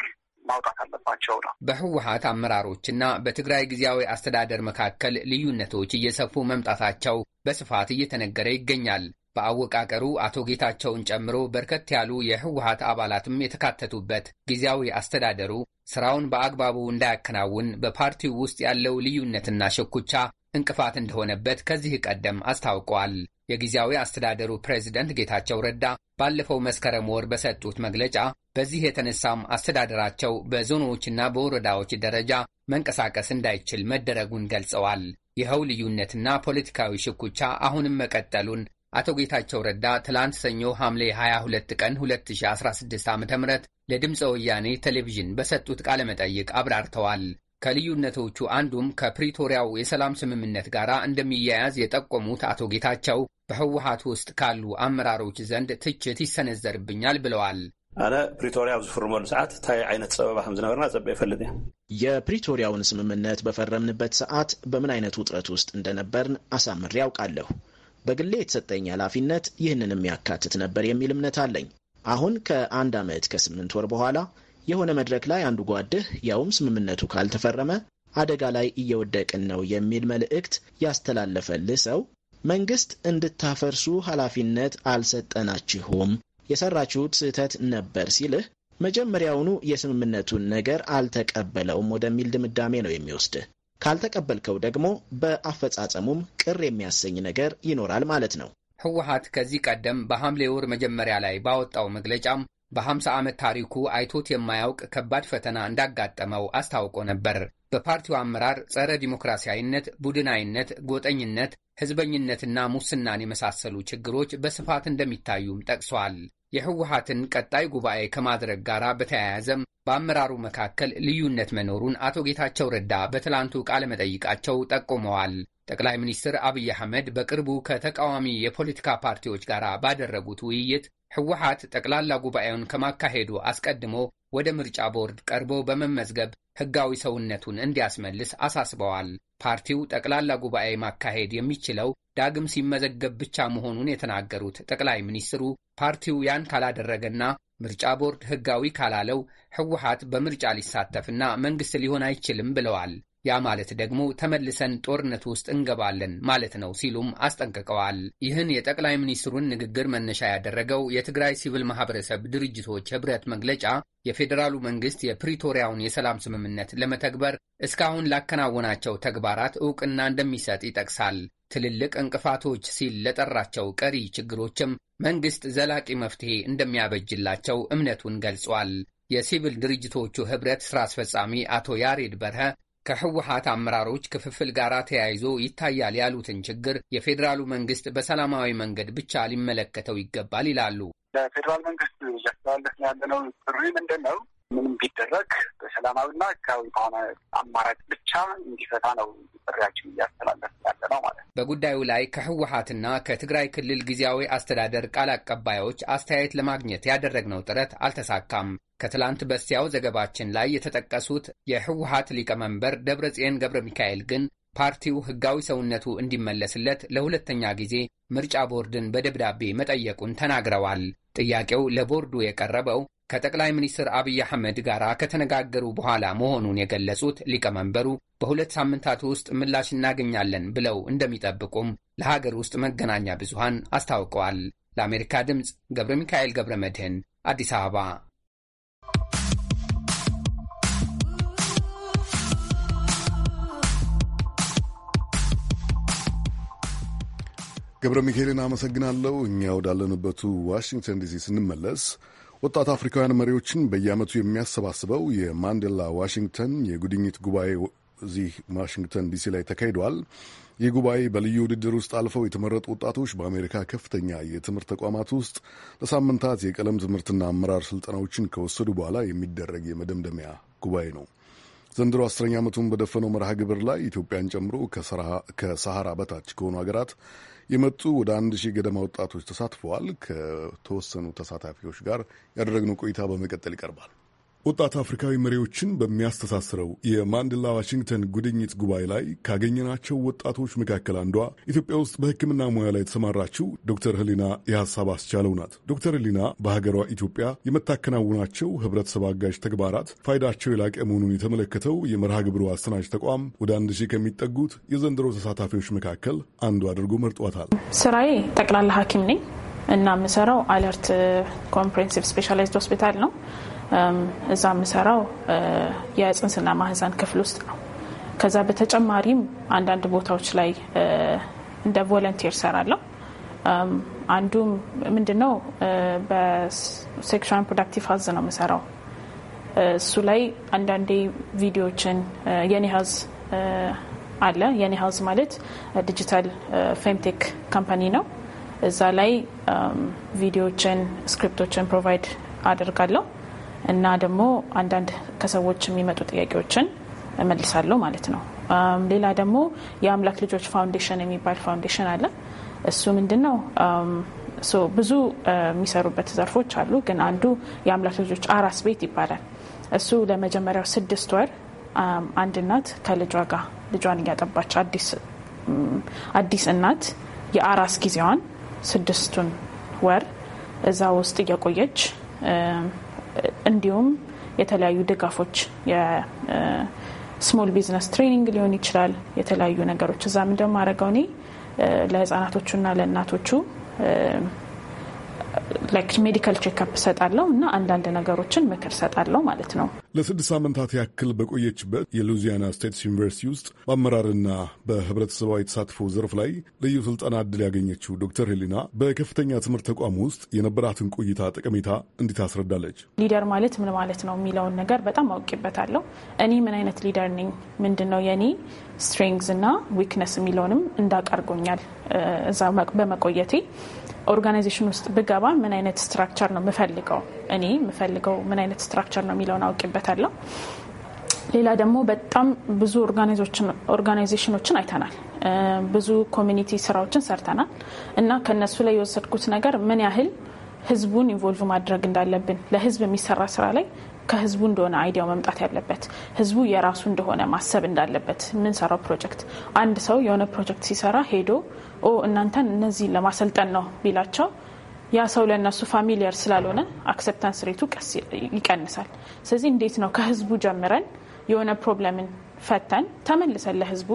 S8: ማውጣት አለባቸው ነው። በህወሀት አመራሮችና በትግራይ ጊዜያዊ አስተዳደር መካከል ልዩነቶች እየሰፉ መምጣታቸው በስፋት እየተነገረ ይገኛል። በአወቃቀሩ አቶ ጌታቸውን ጨምሮ በርከት ያሉ የህወሀት አባላትም የተካተቱበት ጊዜያዊ አስተዳደሩ ስራውን በአግባቡ እንዳያከናውን በፓርቲው ውስጥ ያለው ልዩነትና ሽኩቻ እንቅፋት እንደሆነበት ከዚህ ቀደም አስታውቋል። የጊዜያዊ አስተዳደሩ ፕሬዚደንት ጌታቸው ረዳ ባለፈው መስከረም ወር በሰጡት መግለጫ በዚህ የተነሳም አስተዳደራቸው በዞኖችና በወረዳዎች ደረጃ መንቀሳቀስ እንዳይችል መደረጉን ገልጸዋል። ይኸው ልዩነትና ፖለቲካዊ ሽኩቻ አሁንም መቀጠሉን አቶ ጌታቸው ረዳ ትላንት ሰኞ ሐምሌ 22 ቀን 2016 ዓ ም ለድምፀ ወያኔ ቴሌቪዥን በሰጡት ቃለ መጠይቅ አብራርተዋል። ከልዩነቶቹ አንዱም ከፕሪቶሪያው የሰላም ስምምነት ጋር እንደሚያያዝ የጠቆሙት አቶ ጌታቸው በህወሀት ውስጥ ካሉ አመራሮች ዘንድ ትችት ይሰነዘርብኛል ብለዋል።
S4: ኣነ ፕሪቶሪያ ኣብ ዝፍርመሉ ሰዓት እንታይ ዓይነት ፀበባ ከም ዝነበርና ፀበ ይፈልጥ እየ የፕሪቶሪያውን ስምምነት በፈረምንበት ሰዓት በምን አይነት ውጥረት ውስጥ እንደነበርን አሳምሬ ያውቃለሁ። በግሌ የተሰጠኝ ኃላፊነት ይህንን የሚያካትት ነበር የሚል እምነት አለኝ። አሁን ከአንድ ዓመት ከስምንት ወር በኋላ የሆነ መድረክ ላይ አንዱ ጓድህ ያውም ስምምነቱ ካልተፈረመ አደጋ ላይ እየወደቅን ነው የሚል መልእክት ያስተላለፈልህ ሰው መንግስት እንድታፈርሱ ኃላፊነት አልሰጠናችሁም፣ የሰራችሁት ስህተት ነበር ሲልህ መጀመሪያውኑ የስምምነቱን ነገር አልተቀበለውም ወደሚል ድምዳሜ ነው የሚወስድህ። ካልተቀበልከው ደግሞ በአፈጻጸሙም ቅር የሚያሰኝ ነገር ይኖራል ማለት ነው።
S8: ህወሀት ከዚህ ቀደም በሐምሌ ወር መጀመሪያ ላይ ባወጣው መግለጫም በ50 ዓመት ታሪኩ አይቶት የማያውቅ ከባድ ፈተና እንዳጋጠመው አስታውቆ ነበር። በፓርቲው አመራር ጸረ ዲሞክራሲያዊነት፣ ቡድናዊነት፣ ጎጠኝነት፣ ሕዝበኝነትና ሙስናን የመሳሰሉ ችግሮች በስፋት እንደሚታዩም ጠቅሷል። የህወሓትን ቀጣይ ጉባኤ ከማድረግ ጋር በተያያዘም በአመራሩ መካከል ልዩነት መኖሩን አቶ ጌታቸው ረዳ በትላንቱ ቃለ መጠይቃቸው ጠቁመዋል። ጠቅላይ ሚኒስትር አብይ አህመድ በቅርቡ ከተቃዋሚ የፖለቲካ ፓርቲዎች ጋር ባደረጉት ውይይት ህወሓት ጠቅላላ ጉባኤውን ከማካሄዱ አስቀድሞ ወደ ምርጫ ቦርድ ቀርቦ በመመዝገብ ህጋዊ ሰውነቱን እንዲያስመልስ አሳስበዋል። ፓርቲው ጠቅላላ ጉባኤ ማካሄድ የሚችለው ዳግም ሲመዘገብ ብቻ መሆኑን የተናገሩት ጠቅላይ ሚኒስትሩ ፓርቲው ያን ካላደረገና ምርጫ ቦርድ ህጋዊ ካላለው ህወሓት በምርጫ ሊሳተፍና መንግሥት ሊሆን አይችልም ብለዋል። ያ ማለት ደግሞ ተመልሰን ጦርነት ውስጥ እንገባለን ማለት ነው ሲሉም አስጠንቅቀዋል። ይህን የጠቅላይ ሚኒስትሩን ንግግር መነሻ ያደረገው የትግራይ ሲቪል ማህበረሰብ ድርጅቶች ህብረት መግለጫ የፌዴራሉ መንግስት የፕሪቶሪያውን የሰላም ስምምነት ለመተግበር እስካሁን ላከናወናቸው ተግባራት እውቅና እንደሚሰጥ ይጠቅሳል። ትልልቅ እንቅፋቶች ሲል ለጠራቸው ቀሪ ችግሮችም መንግስት ዘላቂ መፍትሄ እንደሚያበጅላቸው እምነቱን ገልጿል። የሲቪል ድርጅቶቹ ህብረት ሥራ አስፈጻሚ አቶ ያሬድ በርሀ ከህወሓት አመራሮች ክፍፍል ጋር ተያይዞ ይታያል ያሉትን ችግር የፌዴራሉ መንግስት በሰላማዊ መንገድ ብቻ ሊመለከተው ይገባል ይላሉ። ለፌዴራል መንግስት
S10: እያስተላለፍን ያለነው ጥሪ ምንድን ነው? ምንም ቢደረግ በሰላማዊና ሕጋዊ በሆነ አማራጭ ብቻ እንዲፈታ ነው ጥሪያችን እያስተላለፍ ያለ
S8: ነው ማለት ነው። በጉዳዩ ላይ ከህወሀትና ከትግራይ ክልል ጊዜያዊ አስተዳደር ቃል አቀባዮች አስተያየት ለማግኘት ያደረግነው ጥረት አልተሳካም። ከትላንት በስቲያው ዘገባችን ላይ የተጠቀሱት የህወሀት ሊቀመንበር ደብረጽዮን ገብረ ሚካኤል ግን ፓርቲው ህጋዊ ሰውነቱ እንዲመለስለት ለሁለተኛ ጊዜ ምርጫ ቦርድን በደብዳቤ መጠየቁን ተናግረዋል። ጥያቄው ለቦርዱ የቀረበው ከጠቅላይ ሚኒስትር አብይ አህመድ ጋር ከተነጋገሩ በኋላ መሆኑን የገለጹት ሊቀመንበሩ በሁለት ሳምንታት ውስጥ ምላሽ እናገኛለን ብለው እንደሚጠብቁም ለሀገር ውስጥ መገናኛ ብዙሃን አስታውቀዋል። ለአሜሪካ ድምፅ ገብረ ሚካኤል ገብረ መድህን አዲስ አበባ።
S1: ገብረ ሚካኤልን አመሰግናለሁ። እኛ ወዳለንበቱ ዋሽንግተን ዲሲ ስንመለስ ወጣት አፍሪካውያን መሪዎችን በየዓመቱ የሚያሰባስበው የማንዴላ ዋሽንግተን የጉድኝት ጉባኤ እዚህ ዋሽንግተን ዲሲ ላይ ተካሂደዋል። ይህ ጉባኤ በልዩ ውድድር ውስጥ አልፈው የተመረጡ ወጣቶች በአሜሪካ ከፍተኛ የትምህርት ተቋማት ውስጥ ለሳምንታት የቀለም ትምህርትና አመራር ስልጠናዎችን ከወሰዱ በኋላ የሚደረግ የመደምደሚያ ጉባኤ ነው። ዘንድሮ አስረኛ ዓመቱን በደፈነው መርሃ ግብር ላይ ኢትዮጵያን ጨምሮ ከሰሃራ በታች ከሆኑ ሀገራት የመጡ ወደ አንድ ሺህ ገደማ ወጣቶች ተሳትፈዋል። ከተወሰኑ ተሳታፊዎች ጋር ያደረግነው ቆይታ በመቀጠል ይቀርባል። ወጣት አፍሪካዊ መሪዎችን በሚያስተሳስረው የማንዴላ ዋሽንግተን ጉድኝት ጉባኤ ላይ ካገኘናቸው ወጣቶች መካከል አንዷ ኢትዮጵያ ውስጥ በሕክምና ሙያ ላይ የተሰማራችው ዶክተር ህሊና የሀሳብ አስቻለው ናት። ዶክተር ህሊና በሀገሯ ኢትዮጵያ የምታከናውናቸው ህብረተሰብ አጋዥ ተግባራት ፋይዳቸው የላቀ መሆኑን የተመለከተው የመርሃ ግብሩ አሰናጅ ተቋም ወደ አንድ ሺህ ከሚጠጉት የዘንድሮ ተሳታፊዎች መካከል አንዱ አድርጎ መርጧታል።
S12: ስራዬ ጠቅላላ ሐኪም ነኝ እና የምሰራው አለርት ኮምፕሬንሲቭ ስፔሻላይዝድ ሆስፒታል ነው እዛ የምሰራው የጽንስና ማህዛን ክፍል ውስጥ ነው። ከዛ በተጨማሪም አንዳንድ ቦታዎች ላይ እንደ ቮለንቲር ሰራለሁ። አንዱም ምንድን ነው በሴክሹዋል ፕሮዳክቲቭ ሀዝ ነው የምሰራው። እሱ ላይ አንዳንዴ ቪዲዮዎችን የኔ ሀዝ አለ። የኔ ሀዝ ማለት ዲጂታል ፌምቴክ ካምፓኒ ነው። እዛ ላይ ቪዲዮዎችን፣ ስክሪፕቶችን ፕሮቫይድ አደርጋለሁ። እና ደግሞ አንዳንድ ከሰዎች የሚመጡ ጥያቄዎችን እመልሳለሁ ማለት ነው። ሌላ ደግሞ የአምላክ ልጆች ፋውንዴሽን የሚባል ፋውንዴሽን አለ። እሱ ምንድን ነው? ብዙ የሚሰሩበት ዘርፎች አሉ፣ ግን አንዱ የአምላክ ልጆች አራስ ቤት ይባላል። እሱ ለመጀመሪያው ስድስት ወር አንድ እናት ከልጇ ጋር ልጇን እያጠባች አዲስ እናት የአራስ ጊዜዋን ስድስቱን ወር እዛ ውስጥ እየቆየች እንዲሁም የተለያዩ ድጋፎች የስሞል ቢዝነስ ትሬኒንግ ሊሆን ይችላል። የተለያዩ ነገሮች እዛ ምንደ ማድረገው እኔ ለህጻናቶቹና ለእናቶቹ ሜዲካል ቼክአፕ ሰጣለው እና አንዳንድ ነገሮችን ምክር ሰጣለው ማለት ነው።
S1: ለስድስት ሳምንታት ያክል በቆየችበት የሉዚያና ስቴትስ ዩኒቨርሲቲ ውስጥ በአመራርና በህብረተሰባዊ ተሳትፎ ዘርፍ ላይ ልዩ ስልጠና እድል ያገኘችው ዶክተር ሄሊና በከፍተኛ ትምህርት ተቋም ውስጥ የነበራትን ቆይታ ጠቀሜታ እንዲት ታስረዳለች።
S12: ሊደር ማለት ምን ማለት ነው የሚለውን ነገር በጣም አውቂበታለሁ። እኔ ምን አይነት ሊደር ነኝ፣ ምንድን ነው የኔ ስትሬንግዝ እና ዊክነስ የሚለውንም እንዳቀርጎኛል እዛ በመቆየቴ ኦርጋናይዜሽን ውስጥ ብገባ ምን አይነት ስትራክቸር ነው የምፈልገው እኔ የምፈልገው ምን አይነት ስትራክቸር ነው የሚለውን አውቅበታለሁ። ሌላ ደግሞ በጣም ብዙ ኦርጋናይዜሽኖችን አይተናል፣ ብዙ ኮሚኒቲ ስራዎችን ሰርተናል እና ከነሱ ላይ የወሰድኩት ነገር ምን ያህል ህዝቡን ኢንቮልቭ ማድረግ እንዳለብን ለህዝብ የሚሰራ ስራ ላይ ከህዝቡ እንደሆነ አይዲያው መምጣት ያለበት ህዝቡ የራሱ እንደሆነ ማሰብ እንዳለበት የምንሰራው ፕሮጀክት አንድ ሰው የሆነ ፕሮጀክት ሲሰራ ሄዶ ኦ እናንተን እነዚህን ለማሰልጠን ነው ቢላቸው ያ ሰው ለእነሱ ፋሚሊየር ስላልሆነ አክሰፕታንስ ሬቱ ቀስ ይቀንሳል። ስለዚህ እንዴት ነው ከህዝቡ ጀምረን የሆነ ፕሮብለምን ፈተን ተመልሰን ለህዝቡ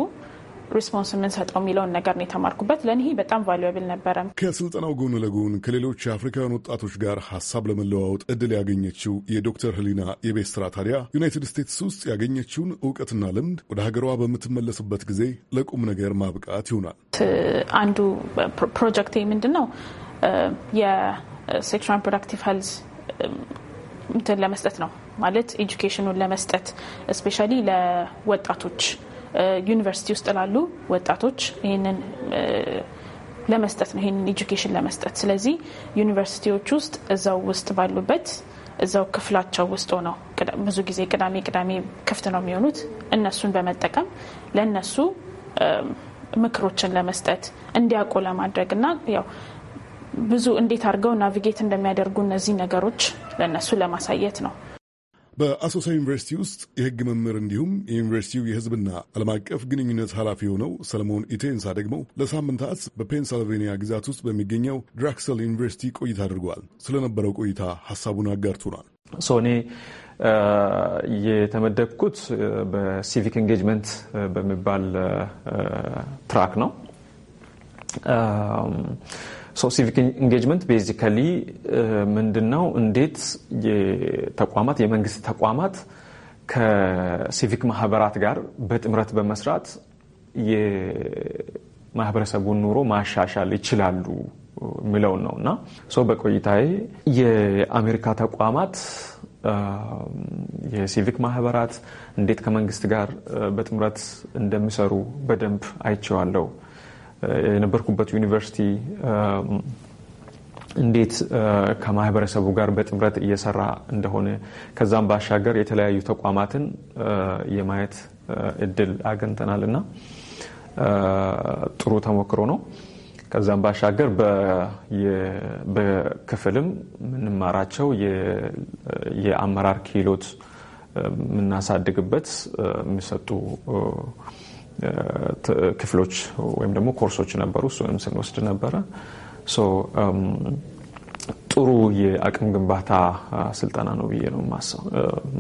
S12: ሪስፖንስ የምንሰጠው የሚለውን ነገር ነው የተማርኩበት። ለእኔ በጣም ቫሉብል ነበረ።
S1: ከስልጠናው ጎን ለጎን ከሌሎች የአፍሪካውያን ወጣቶች ጋር ሀሳብ ለመለዋወጥ እድል ያገኘችው የዶክተር ህሊና የቤት ስራ ታዲያ ዩናይትድ ስቴትስ ውስጥ ያገኘችውን እውቀትና ልምድ ወደ ሀገሯ በምትመለስበት ጊዜ ለቁም ነገር ማብቃት ይሆናል።
S12: አንዱ ፕሮጀክቴ ምንድን ነው የሴክሹዋል ፕሮዳክቲቭ ሄልዝ እንትን ለመስጠት ነው ማለት ኤጁኬሽኑን ለመስጠት እስፔሻሊ ለወጣቶች ዩኒቨርሲቲ ውስጥ ላሉ ወጣቶች ይህንን ለመስጠት ነው ይህንን ኤጁኬሽን ለመስጠት። ስለዚህ ዩኒቨርሲቲዎች ውስጥ እዛው ውስጥ ባሉበት እዛው ክፍላቸው ውስጥ ሆነው ብዙ ጊዜ ቅዳሜ ቅዳሜ ክፍት ነው የሚሆኑት እነሱን በመጠቀም ለእነሱ ምክሮችን ለመስጠት እንዲያውቁ ለማድረግ እና ያው ብዙ እንዴት አድርገው ናቪጌት እንደሚያደርጉ እነዚህ ነገሮች ለእነሱ ለማሳየት ነው።
S1: በአሶሳ ዩኒቨርሲቲ ውስጥ የህግ መምህር እንዲሁም የዩኒቨርሲቲው የህዝብና ዓለም አቀፍ ግንኙነት ኃላፊ የሆነው ሰለሞን ኢቴንሳ ደግሞ ለሳምንታት በፔንሳልቬኒያ ግዛት ውስጥ በሚገኘው ድራክሰል ዩኒቨርሲቲ ቆይታ አድርገዋል። ስለነበረው ቆይታ ሀሳቡን አጋርቶናል።
S13: እኔ የተመደብኩት በሲቪክ ኢንጌጅመንት በሚባል ትራክ ነው ሰው ሲቪክ ኢንጌጅመንት ቤዚካሊ ምንድነው? እንዴት ተቋማት የመንግስት ተቋማት ከሲቪክ ማህበራት ጋር በጥምረት በመስራት የማህበረሰቡን ኑሮ ማሻሻል ይችላሉ የሚለውን ነው እና በቆይታዬ የአሜሪካ ተቋማት የሲቪክ ማህበራት እንዴት ከመንግስት ጋር በጥምረት እንደሚሰሩ በደንብ አይቼዋለሁ። የነበርኩበት ዩኒቨርሲቲ እንዴት ከማህበረሰቡ ጋር በጥምረት እየሰራ እንደሆነ ከዛም ባሻገር የተለያዩ ተቋማትን የማየት እድል አግኝተናል እና ጥሩ ተሞክሮ ነው። ከዛም ባሻገር በክፍልም የምንማራቸው የአመራር ክህሎት የምናሳድግበት የሚሰጡ ክፍሎች ወይም ደግሞ ኮርሶች ነበሩ። እሱንም ስንወስድ ነበረ። ጥሩ የአቅም ግንባታ ስልጠና ነው ብዬ ነው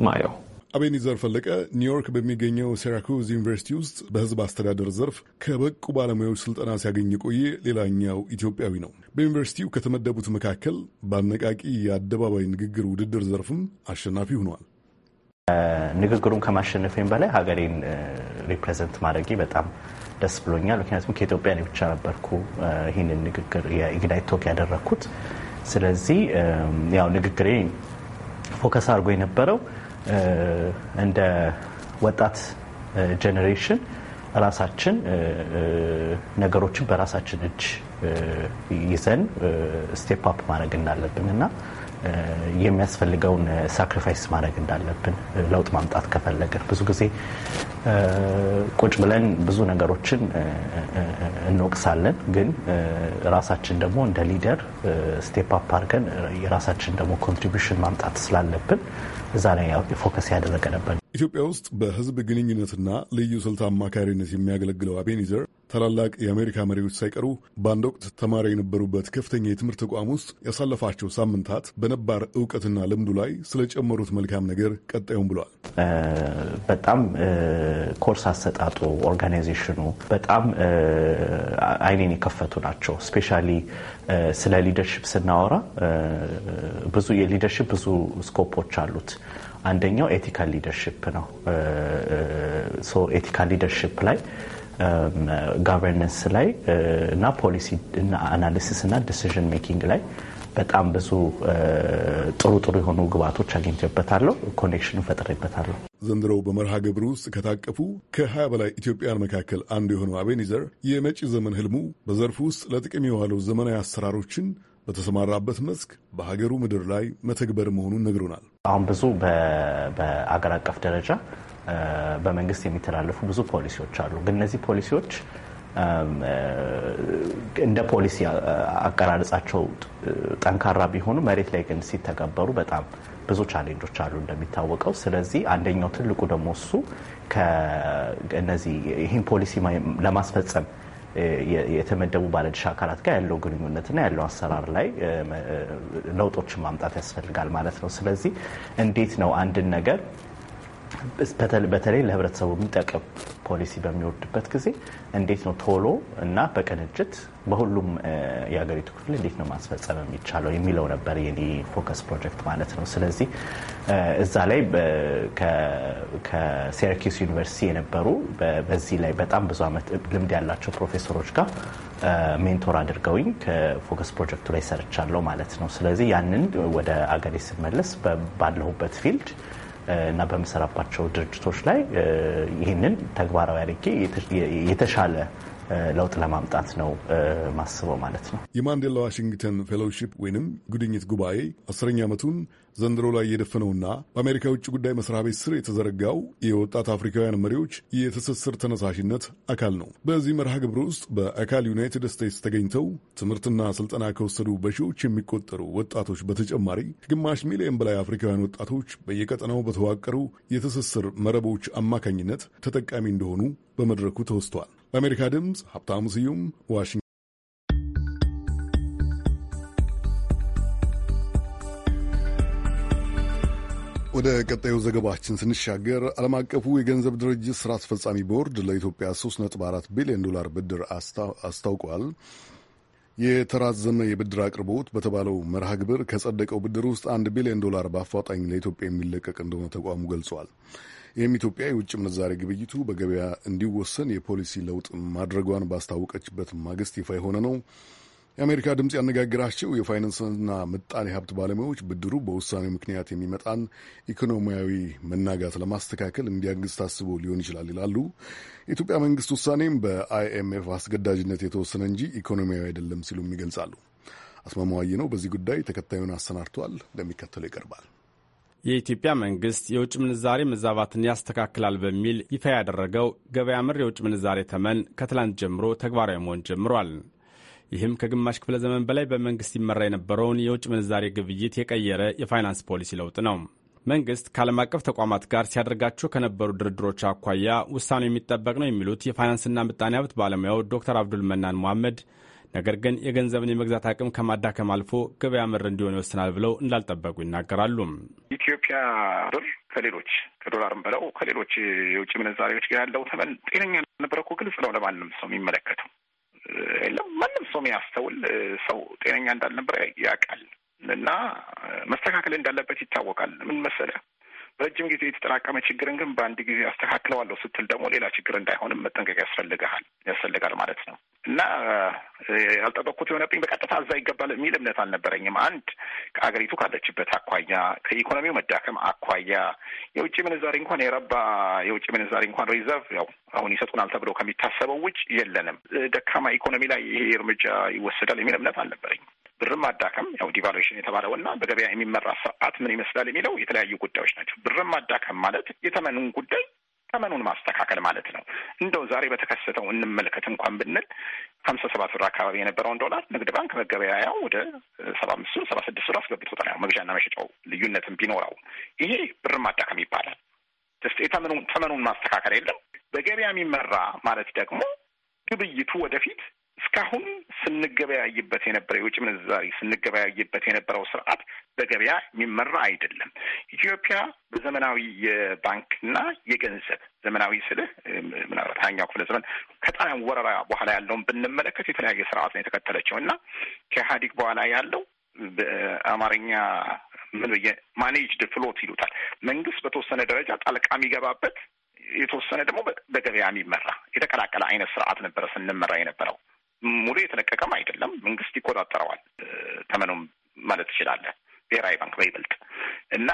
S13: ማየው።
S1: አቤኒዘር ፈለቀ ኒውዮርክ በሚገኘው ሴራኩዝ ዩኒቨርሲቲ ውስጥ በሕዝብ አስተዳደር ዘርፍ ከበቁ ባለሙያዎች ስልጠና ሲያገኝ የቆየ ሌላኛው ኢትዮጵያዊ ነው። በዩኒቨርሲቲው ከተመደቡት መካከል በአነቃቂ የአደባባይ ንግግር ውድድር ዘርፍም አሸናፊ ሆኗል። ንግግሩን ከማሸነፌም በላይ ሀገሬን
S14: ሪፕሬዘንት ማድረጌ በጣም ደስ ብሎኛል። ምክንያቱም ከኢትዮጵያ እኔ ብቻ ነበርኩ ይህንን ንግግር የኢግናይት ቶክ ያደረግኩት። ስለዚህ ያው ንግግሬ ፎከስ አድርጎ የነበረው እንደ ወጣት ጄኔሬሽን ራሳችን ነገሮችን በራሳችን እጅ ይዘን ስቴፕ አፕ ማድረግ እናለብን እና የሚያስፈልገውን ሳክሪፋይስ ማድረግ እንዳለብን ለውጥ ማምጣት ከፈለግን ብዙ ጊዜ ቁጭ ብለን ብዙ ነገሮችን እንወቅሳለን። ግን ራሳችን ደግሞ እንደ ሊደር ስቴፕ አፕ አድርገን የራሳችን ደግሞ ኮንትሪቢሽን ማምጣት ስላለብን እዛ ላይ ፎከስ ያደረገ ነበር።
S1: ኢትዮጵያ ውስጥ በህዝብ ግንኙነትና ልዩ ስልት አማካሪነት የሚያገለግለው አቤኒዘር ታላላቅ የአሜሪካ መሪዎች ሳይቀሩ በአንድ ወቅት ተማሪ የነበሩበት ከፍተኛ የትምህርት ተቋም ውስጥ ያሳለፋቸው ሳምንታት በነባር እውቀትና ልምዱ ላይ ስለጨመሩት መልካም ነገር ቀጣዩም ብሏል።
S14: በጣም ኮርስ አሰጣጡ፣ ኦርጋናይዜሽኑ በጣም አይኔን የከፈቱ ናቸው። ስፔሻሊ ስለ ሊደርሽፕ ስናወራ ብዙ የሊደርሽፕ ብዙ ስኮፖች አሉት አንደኛው ኤቲካል ሊደርሽፕ ነው። ኤቲካል ሊደርሽፕ ላይ ጋቨርነንስ ላይ እና ፖሊሲ እና አናሊሲስ እና ዲሲዥን ሜኪንግ ላይ በጣም ብዙ ጥሩ ጥሩ የሆኑ ግብዓቶች አግኝቼበታለሁ። ኮኔክሽን ፈጥሬበታለሁ።
S1: ዘንድሮ በመርሃ ግብር ውስጥ ከታቀፉ ከሀያ በላይ ኢትዮጵያን መካከል አንዱ የሆነው አቤኒዘር የመጪ ዘመን ህልሙ በዘርፉ ውስጥ ለጥቅም የዋለው ዘመናዊ አሰራሮችን በተሰማራበት መስክ በሀገሩ ምድር ላይ መተግበር መሆኑን ነግሮናል። አሁን ብዙ በአገር አቀፍ ደረጃ በመንግስት የሚተላለፉ ብዙ
S14: ፖሊሲዎች አሉ። ግን እነዚህ ፖሊሲዎች እንደ ፖሊሲ አቀራረጻቸው ጠንካራ ቢሆኑ መሬት ላይ ግን ሲተገበሩ በጣም ብዙ ቻሌንጆች አሉ እንደሚታወቀው። ስለዚህ አንደኛው ትልቁ ደግሞ እሱ ከእነዚህ ይህን ፖሊሲ ለማስፈጸም የተመደቡ ባለድርሻ አካላት ጋር ያለው ግንኙነትና ያለው አሰራር ላይ ለውጦችን ማምጣት ያስፈልጋል ማለት ነው። ስለዚህ እንዴት ነው አንድን ነገር በተለይ ለህብረተሰቡ የሚጠቅም ፖሊሲ በሚወርድበት ጊዜ እንዴት ነው ቶሎ እና በቅንጅት በሁሉም የሀገሪቱ ክፍል እንዴት ነው ማስፈጸም የሚቻለው የሚለው ነበር የኔ ፎከስ ፕሮጀክት ማለት ነው። ስለዚህ እዛ ላይ ከሴርኪስ ዩኒቨርሲቲ የነበሩ በዚህ ላይ በጣም ብዙ ዓመት ልምድ ያላቸው ፕሮፌሰሮች ጋር ሜንቶር አድርገውኝ ከፎከስ ፕሮጀክቱ ላይ ሰርቻለሁ ማለት ነው። ስለዚህ ያንን ወደ አገሬ ስመለስ ባለሁበት ፊልድ እና በምሰራባቸው ድርጅቶች ላይ ይህንን ተግባራዊ አድርጌ የተሻለ ለውጥ ለማምጣት ነው ማስበው ማለት ነው።
S1: የማንዴላ ዋሽንግተን ፌሎውሺፕ ወይንም ጉድኝት ጉባኤ አስረኛ ዓመቱን ዘንድሮ ላይ የደፈነውና በአሜሪካ የውጭ ጉዳይ መስሪያ ቤት ስር የተዘረጋው የወጣት አፍሪካውያን መሪዎች የትስስር ተነሳሽነት አካል ነው። በዚህ መርሃ ግብር ውስጥ በአካል ዩናይትድ ስቴትስ ተገኝተው ትምህርትና ስልጠና ከወሰዱ በሺዎች የሚቆጠሩ ወጣቶች በተጨማሪ ግማሽ ሚሊዮን በላይ አፍሪካውያን ወጣቶች በየቀጠናው በተዋቀሩ የትስስር መረቦች አማካኝነት ተጠቃሚ እንደሆኑ በመድረኩ ተወስቷል። ለአሜሪካ ድምፅ ሀብታሙ ስዩም ዋሽንግተን። ወደ ቀጣዩ ዘገባችን ስንሻገር ዓለም አቀፉ የገንዘብ ድርጅት ሥራ አስፈጻሚ ቦርድ ለኢትዮጵያ 3.4 ቢሊዮን ዶላር ብድር አስታውቋል። የተራዘመ የብድር አቅርቦት በተባለው መርሃ ግብር ከጸደቀው ብድር ውስጥ አንድ ቢሊዮን ዶላር በአፋጣኝ ለኢትዮጵያ የሚለቀቅ እንደሆነ ተቋሙ ገልጿል። ይህም ኢትዮጵያ የውጭ ምንዛሬ ግብይቱ በገበያ እንዲወሰን የፖሊሲ ለውጥ ማድረጓን ባስታወቀችበት ማግስት ይፋ የሆነ ነው። የአሜሪካ ድምፅ ያነጋግራቸው የፋይናንስና ምጣኔ ሀብት ባለሙያዎች ብድሩ በውሳኔው ምክንያት የሚመጣን ኢኮኖሚያዊ መናጋት ለማስተካከል እንዲያግዝ ታስቦ ሊሆን ይችላል ይላሉ። የኢትዮጵያ መንግስት ውሳኔም በአይኤምኤፍ አስገዳጅነት የተወሰነ እንጂ ኢኮኖሚያዊ አይደለም ሲሉም ይገልጻሉ። አስማማዋይ ነው በዚህ ጉዳይ ተከታዩን አሰናድቷል፣ እንደሚከተለው ይቀርባል።
S15: የኢትዮጵያ መንግስት የውጭ ምንዛሬ መዛባትን ያስተካክላል በሚል ይፋ ያደረገው ገበያ ምር የውጭ ምንዛሬ ተመን ከትላንት ጀምሮ ተግባራዊ መሆን ጀምሯል። ይህም ከግማሽ ክፍለ ዘመን በላይ በመንግስት ይመራ የነበረውን የውጭ ምንዛሬ ግብይት የቀየረ የፋይናንስ ፖሊሲ ለውጥ ነው። መንግስት ከዓለም አቀፍ ተቋማት ጋር ሲያደርጋቸው ከነበሩ ድርድሮች አኳያ ውሳኔው የሚጠበቅ ነው የሚሉት የፋይናንስና ምጣኔ ሀብት ባለሙያው ዶክተር አብዱል መናን መሐመድ ነገር ግን የገንዘብን የመግዛት አቅም ከማዳከም አልፎ ገበያ መር እንዲሆን ይወስናል ብለው እንዳልጠበቁ ይናገራሉ።
S6: ኢትዮጵያ ብር ከሌሎች ከዶላርም በለው ከሌሎች የውጭ ምንዛሬዎች ጋር ያለው ተመን ጤነኛ ነበረ እኮ ግልጽ ነው ለማንም ሰው የሚመለከተው የለም። ማንም ሰው የሚያስተውል ሰው ጤነኛ እንዳልነበረ ያውቃል እና መስተካከል እንዳለበት ይታወቃል። ምን መሰለህ ረጅም ጊዜ የተጠራቀመ ችግርን ግን በአንድ ጊዜ አስተካክለዋለሁ ስትል ደግሞ ሌላ ችግር እንዳይሆንም መጠንቀቅ ያስፈልግሃል ያስፈልጋል ማለት ነው። እና ያልጠበኩት የሆነብኝ በቀጥታ እዛ ይገባል የሚል እምነት አልነበረኝም። አንድ ከአገሪቱ ካለችበት አኳያ፣ ከኢኮኖሚው መዳከም አኳያ የውጭ ምንዛሪ እንኳን የረባ የውጭ ምንዛሪ እንኳን ሪዘርቭ ያው አሁን ይሰጡናል ተብሎ ከሚታሰበው ውጭ የለንም። ደካማ ኢኮኖሚ ላይ ይሄ እርምጃ ይወሰዳል የሚል እምነት አልነበረኝም። ብር ማዳከም ያው ዲቫሉዌሽን የተባለው እና በገበያ የሚመራ ስርዓት ምን ይመስላል የሚለው የተለያዩ ጉዳዮች ናቸው። ብር ማዳከም ማለት የተመኑን ጉዳይ ተመኑን ማስተካከል ማለት ነው። እንደው ዛሬ በተከሰተው እንመልከት እንኳን ብንል ሀምሳ ሰባት ብር አካባቢ የነበረውን ዶላር ንግድ ባንክ መገበያያው ወደ ሰባ አምስት ብር ሰባ ስድስት ብር አስገብቶታል። ያው መግዣና መሸጫው ልዩነትም ቢኖረው ይሄ ብር ማዳከም ይባላል። ስ ተመኑን ማስተካከል የለም። በገበያ የሚመራ ማለት ደግሞ ግብይቱ ወደፊት እስካሁን ስንገበያይበት የነበረ የውጭ ምንዛሪ ስንገበያይበት የነበረው ስርዓት በገበያ የሚመራ አይደለም። ኢትዮጵያ በዘመናዊ የባንክና የገንዘብ ዘመናዊ ስልህ ምናልባት ሀያኛው ክፍለ ዘመን ከጣሊያን ወረራ በኋላ ያለውን ብንመለከት የተለያየ ስርዓት ነው የተከተለችው እና ከኢህአዴግ በኋላ ያለው በአማርኛ ምን ብዬ ማኔጅድ ፍሎት ይሉታል። መንግስት በተወሰነ ደረጃ ጣልቃ የሚገባበት የተወሰነ ደግሞ በገበያ የሚመራ የተቀላቀለ አይነት ስርዓት ነበረ ስንመራ የነበረው። ሙሉ የተለቀቀም አይደለም። መንግስት ይቆጣጠረዋል። ተመኑም ማለት ትችላለ። ብሔራዊ ባንክ በይበልጥ እና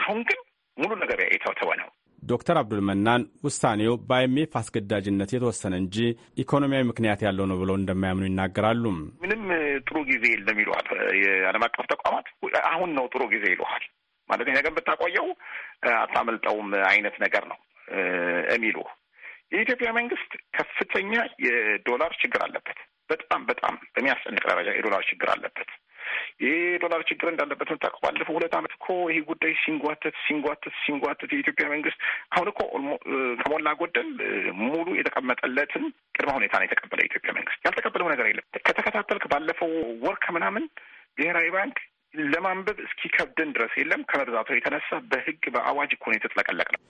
S6: አሁን ግን ሙሉ ነገር የተተወ ነው።
S15: ዶክተር አብዱል መናን ውሳኔው በአይኤምኤፍ አስገዳጅነት የተወሰነ እንጂ ኢኮኖሚያዊ ምክንያት ያለው ነው ብለው እንደማያምኑ ይናገራሉ።
S6: ምንም ጥሩ ጊዜ የለም ይሏል የዓለም አቀፍ ተቋማት አሁን ነው ጥሩ ጊዜ ይሏል ማለት ነገር ብታቆየው አታመልጠውም አይነት ነገር ነው የሚሉ የኢትዮጵያ መንግስት ከፍተኛ የዶላር ችግር አለበት። በጣም በጣም በሚያስጨንቅ ደረጃ የዶላር ችግር አለበት። ይህ ዶላር ችግር እንዳለበት የምታውቀው ባለፈው ሁለት ዓመት እኮ ይህ ጉዳይ ሲንጓተት ሲንጓተት ሲንጓተት የኢትዮጵያ መንግስት አሁን እኮ ከሞላ ጎደል ሙሉ የተቀመጠለትን ቅድመ ሁኔታ ነው የተቀበለ የኢትዮጵያ መንግስት። ያልተቀበለው ነገር የለም። ከተከታተልክ ባለፈው ወር ከምናምን ብሔራዊ ባንክ ለማንበብ እስኪከብድን ድረስ የለም ከመብዛቱ የተነሳ በህግ በአዋጅ እኮ ነው የተጥለቀለቅ ነው።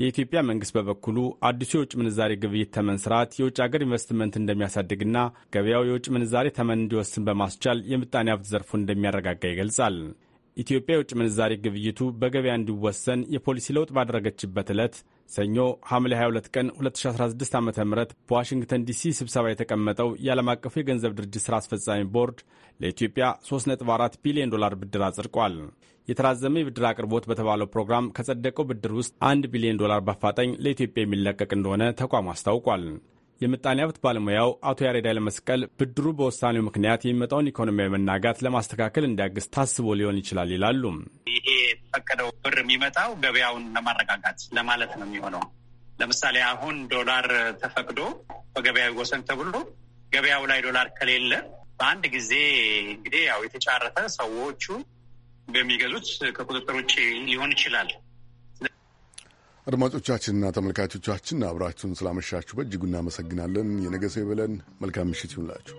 S15: የኢትዮጵያ መንግስት በበኩሉ አዲሱ የውጭ ምንዛሬ ግብይት ተመን ስርዓት የውጭ ሀገር ኢንቨስትመንት እንደሚያሳድግና ገበያው የውጭ ምንዛሬ ተመን እንዲወስን በማስቻል የምጣኔ ሀብት ዘርፉን እንደሚያረጋጋ ይገልጻል። ኢትዮጵያ የውጭ ምንዛሬ ግብይቱ በገበያ እንዲወሰን የፖሊሲ ለውጥ ባደረገችበት ዕለት ሰኞ ሐምሌ 22 ቀን 2016 ዓ ም በዋሽንግተን ዲሲ ስብሰባ የተቀመጠው የዓለም አቀፉ የገንዘብ ድርጅት ሥራ አስፈጻሚ ቦርድ ለኢትዮጵያ 3.4 ቢሊዮን ዶላር ብድር አጽድቋል። የተራዘመ የብድር አቅርቦት በተባለው ፕሮግራም ከጸደቀው ብድር ውስጥ አንድ ቢሊዮን ዶላር በአፋጣኝ ለኢትዮጵያ የሚለቀቅ እንደሆነ ተቋሙ አስታውቋል። የምጣኔ ሀብት ባለሙያው አቶ ያሬድ ኃይለመስቀል ብድሩ በውሳኔው ምክንያት የሚመጣውን ኢኮኖሚያዊ መናጋት ለማስተካከል እንዲያግዝ ታስቦ ሊሆን ይችላል ይላሉ። ይሄ
S2: ፈቀደው ብር የሚመጣው ገበያውን ለማረጋጋት ለማለት ነው የሚሆነው። ለምሳሌ አሁን ዶላር ተፈቅዶ በገበያዊ ወሰን ተብሎ ገበያው ላይ ዶላር ከሌለ በአንድ
S9: ጊዜ እንግዲህ ያው የተጫረተ ሰዎቹ በሚገዙት ከቁጥጥር ውጭ ሊሆን ይችላል።
S1: አድማጮቻችንና ተመልካቾቻችን አብራችሁን ስላመሻችሁ በእጅጉ እናመሰግናለን። የነገ ሰው ይበለን። መልካም ምሽት ይሁንላችሁ።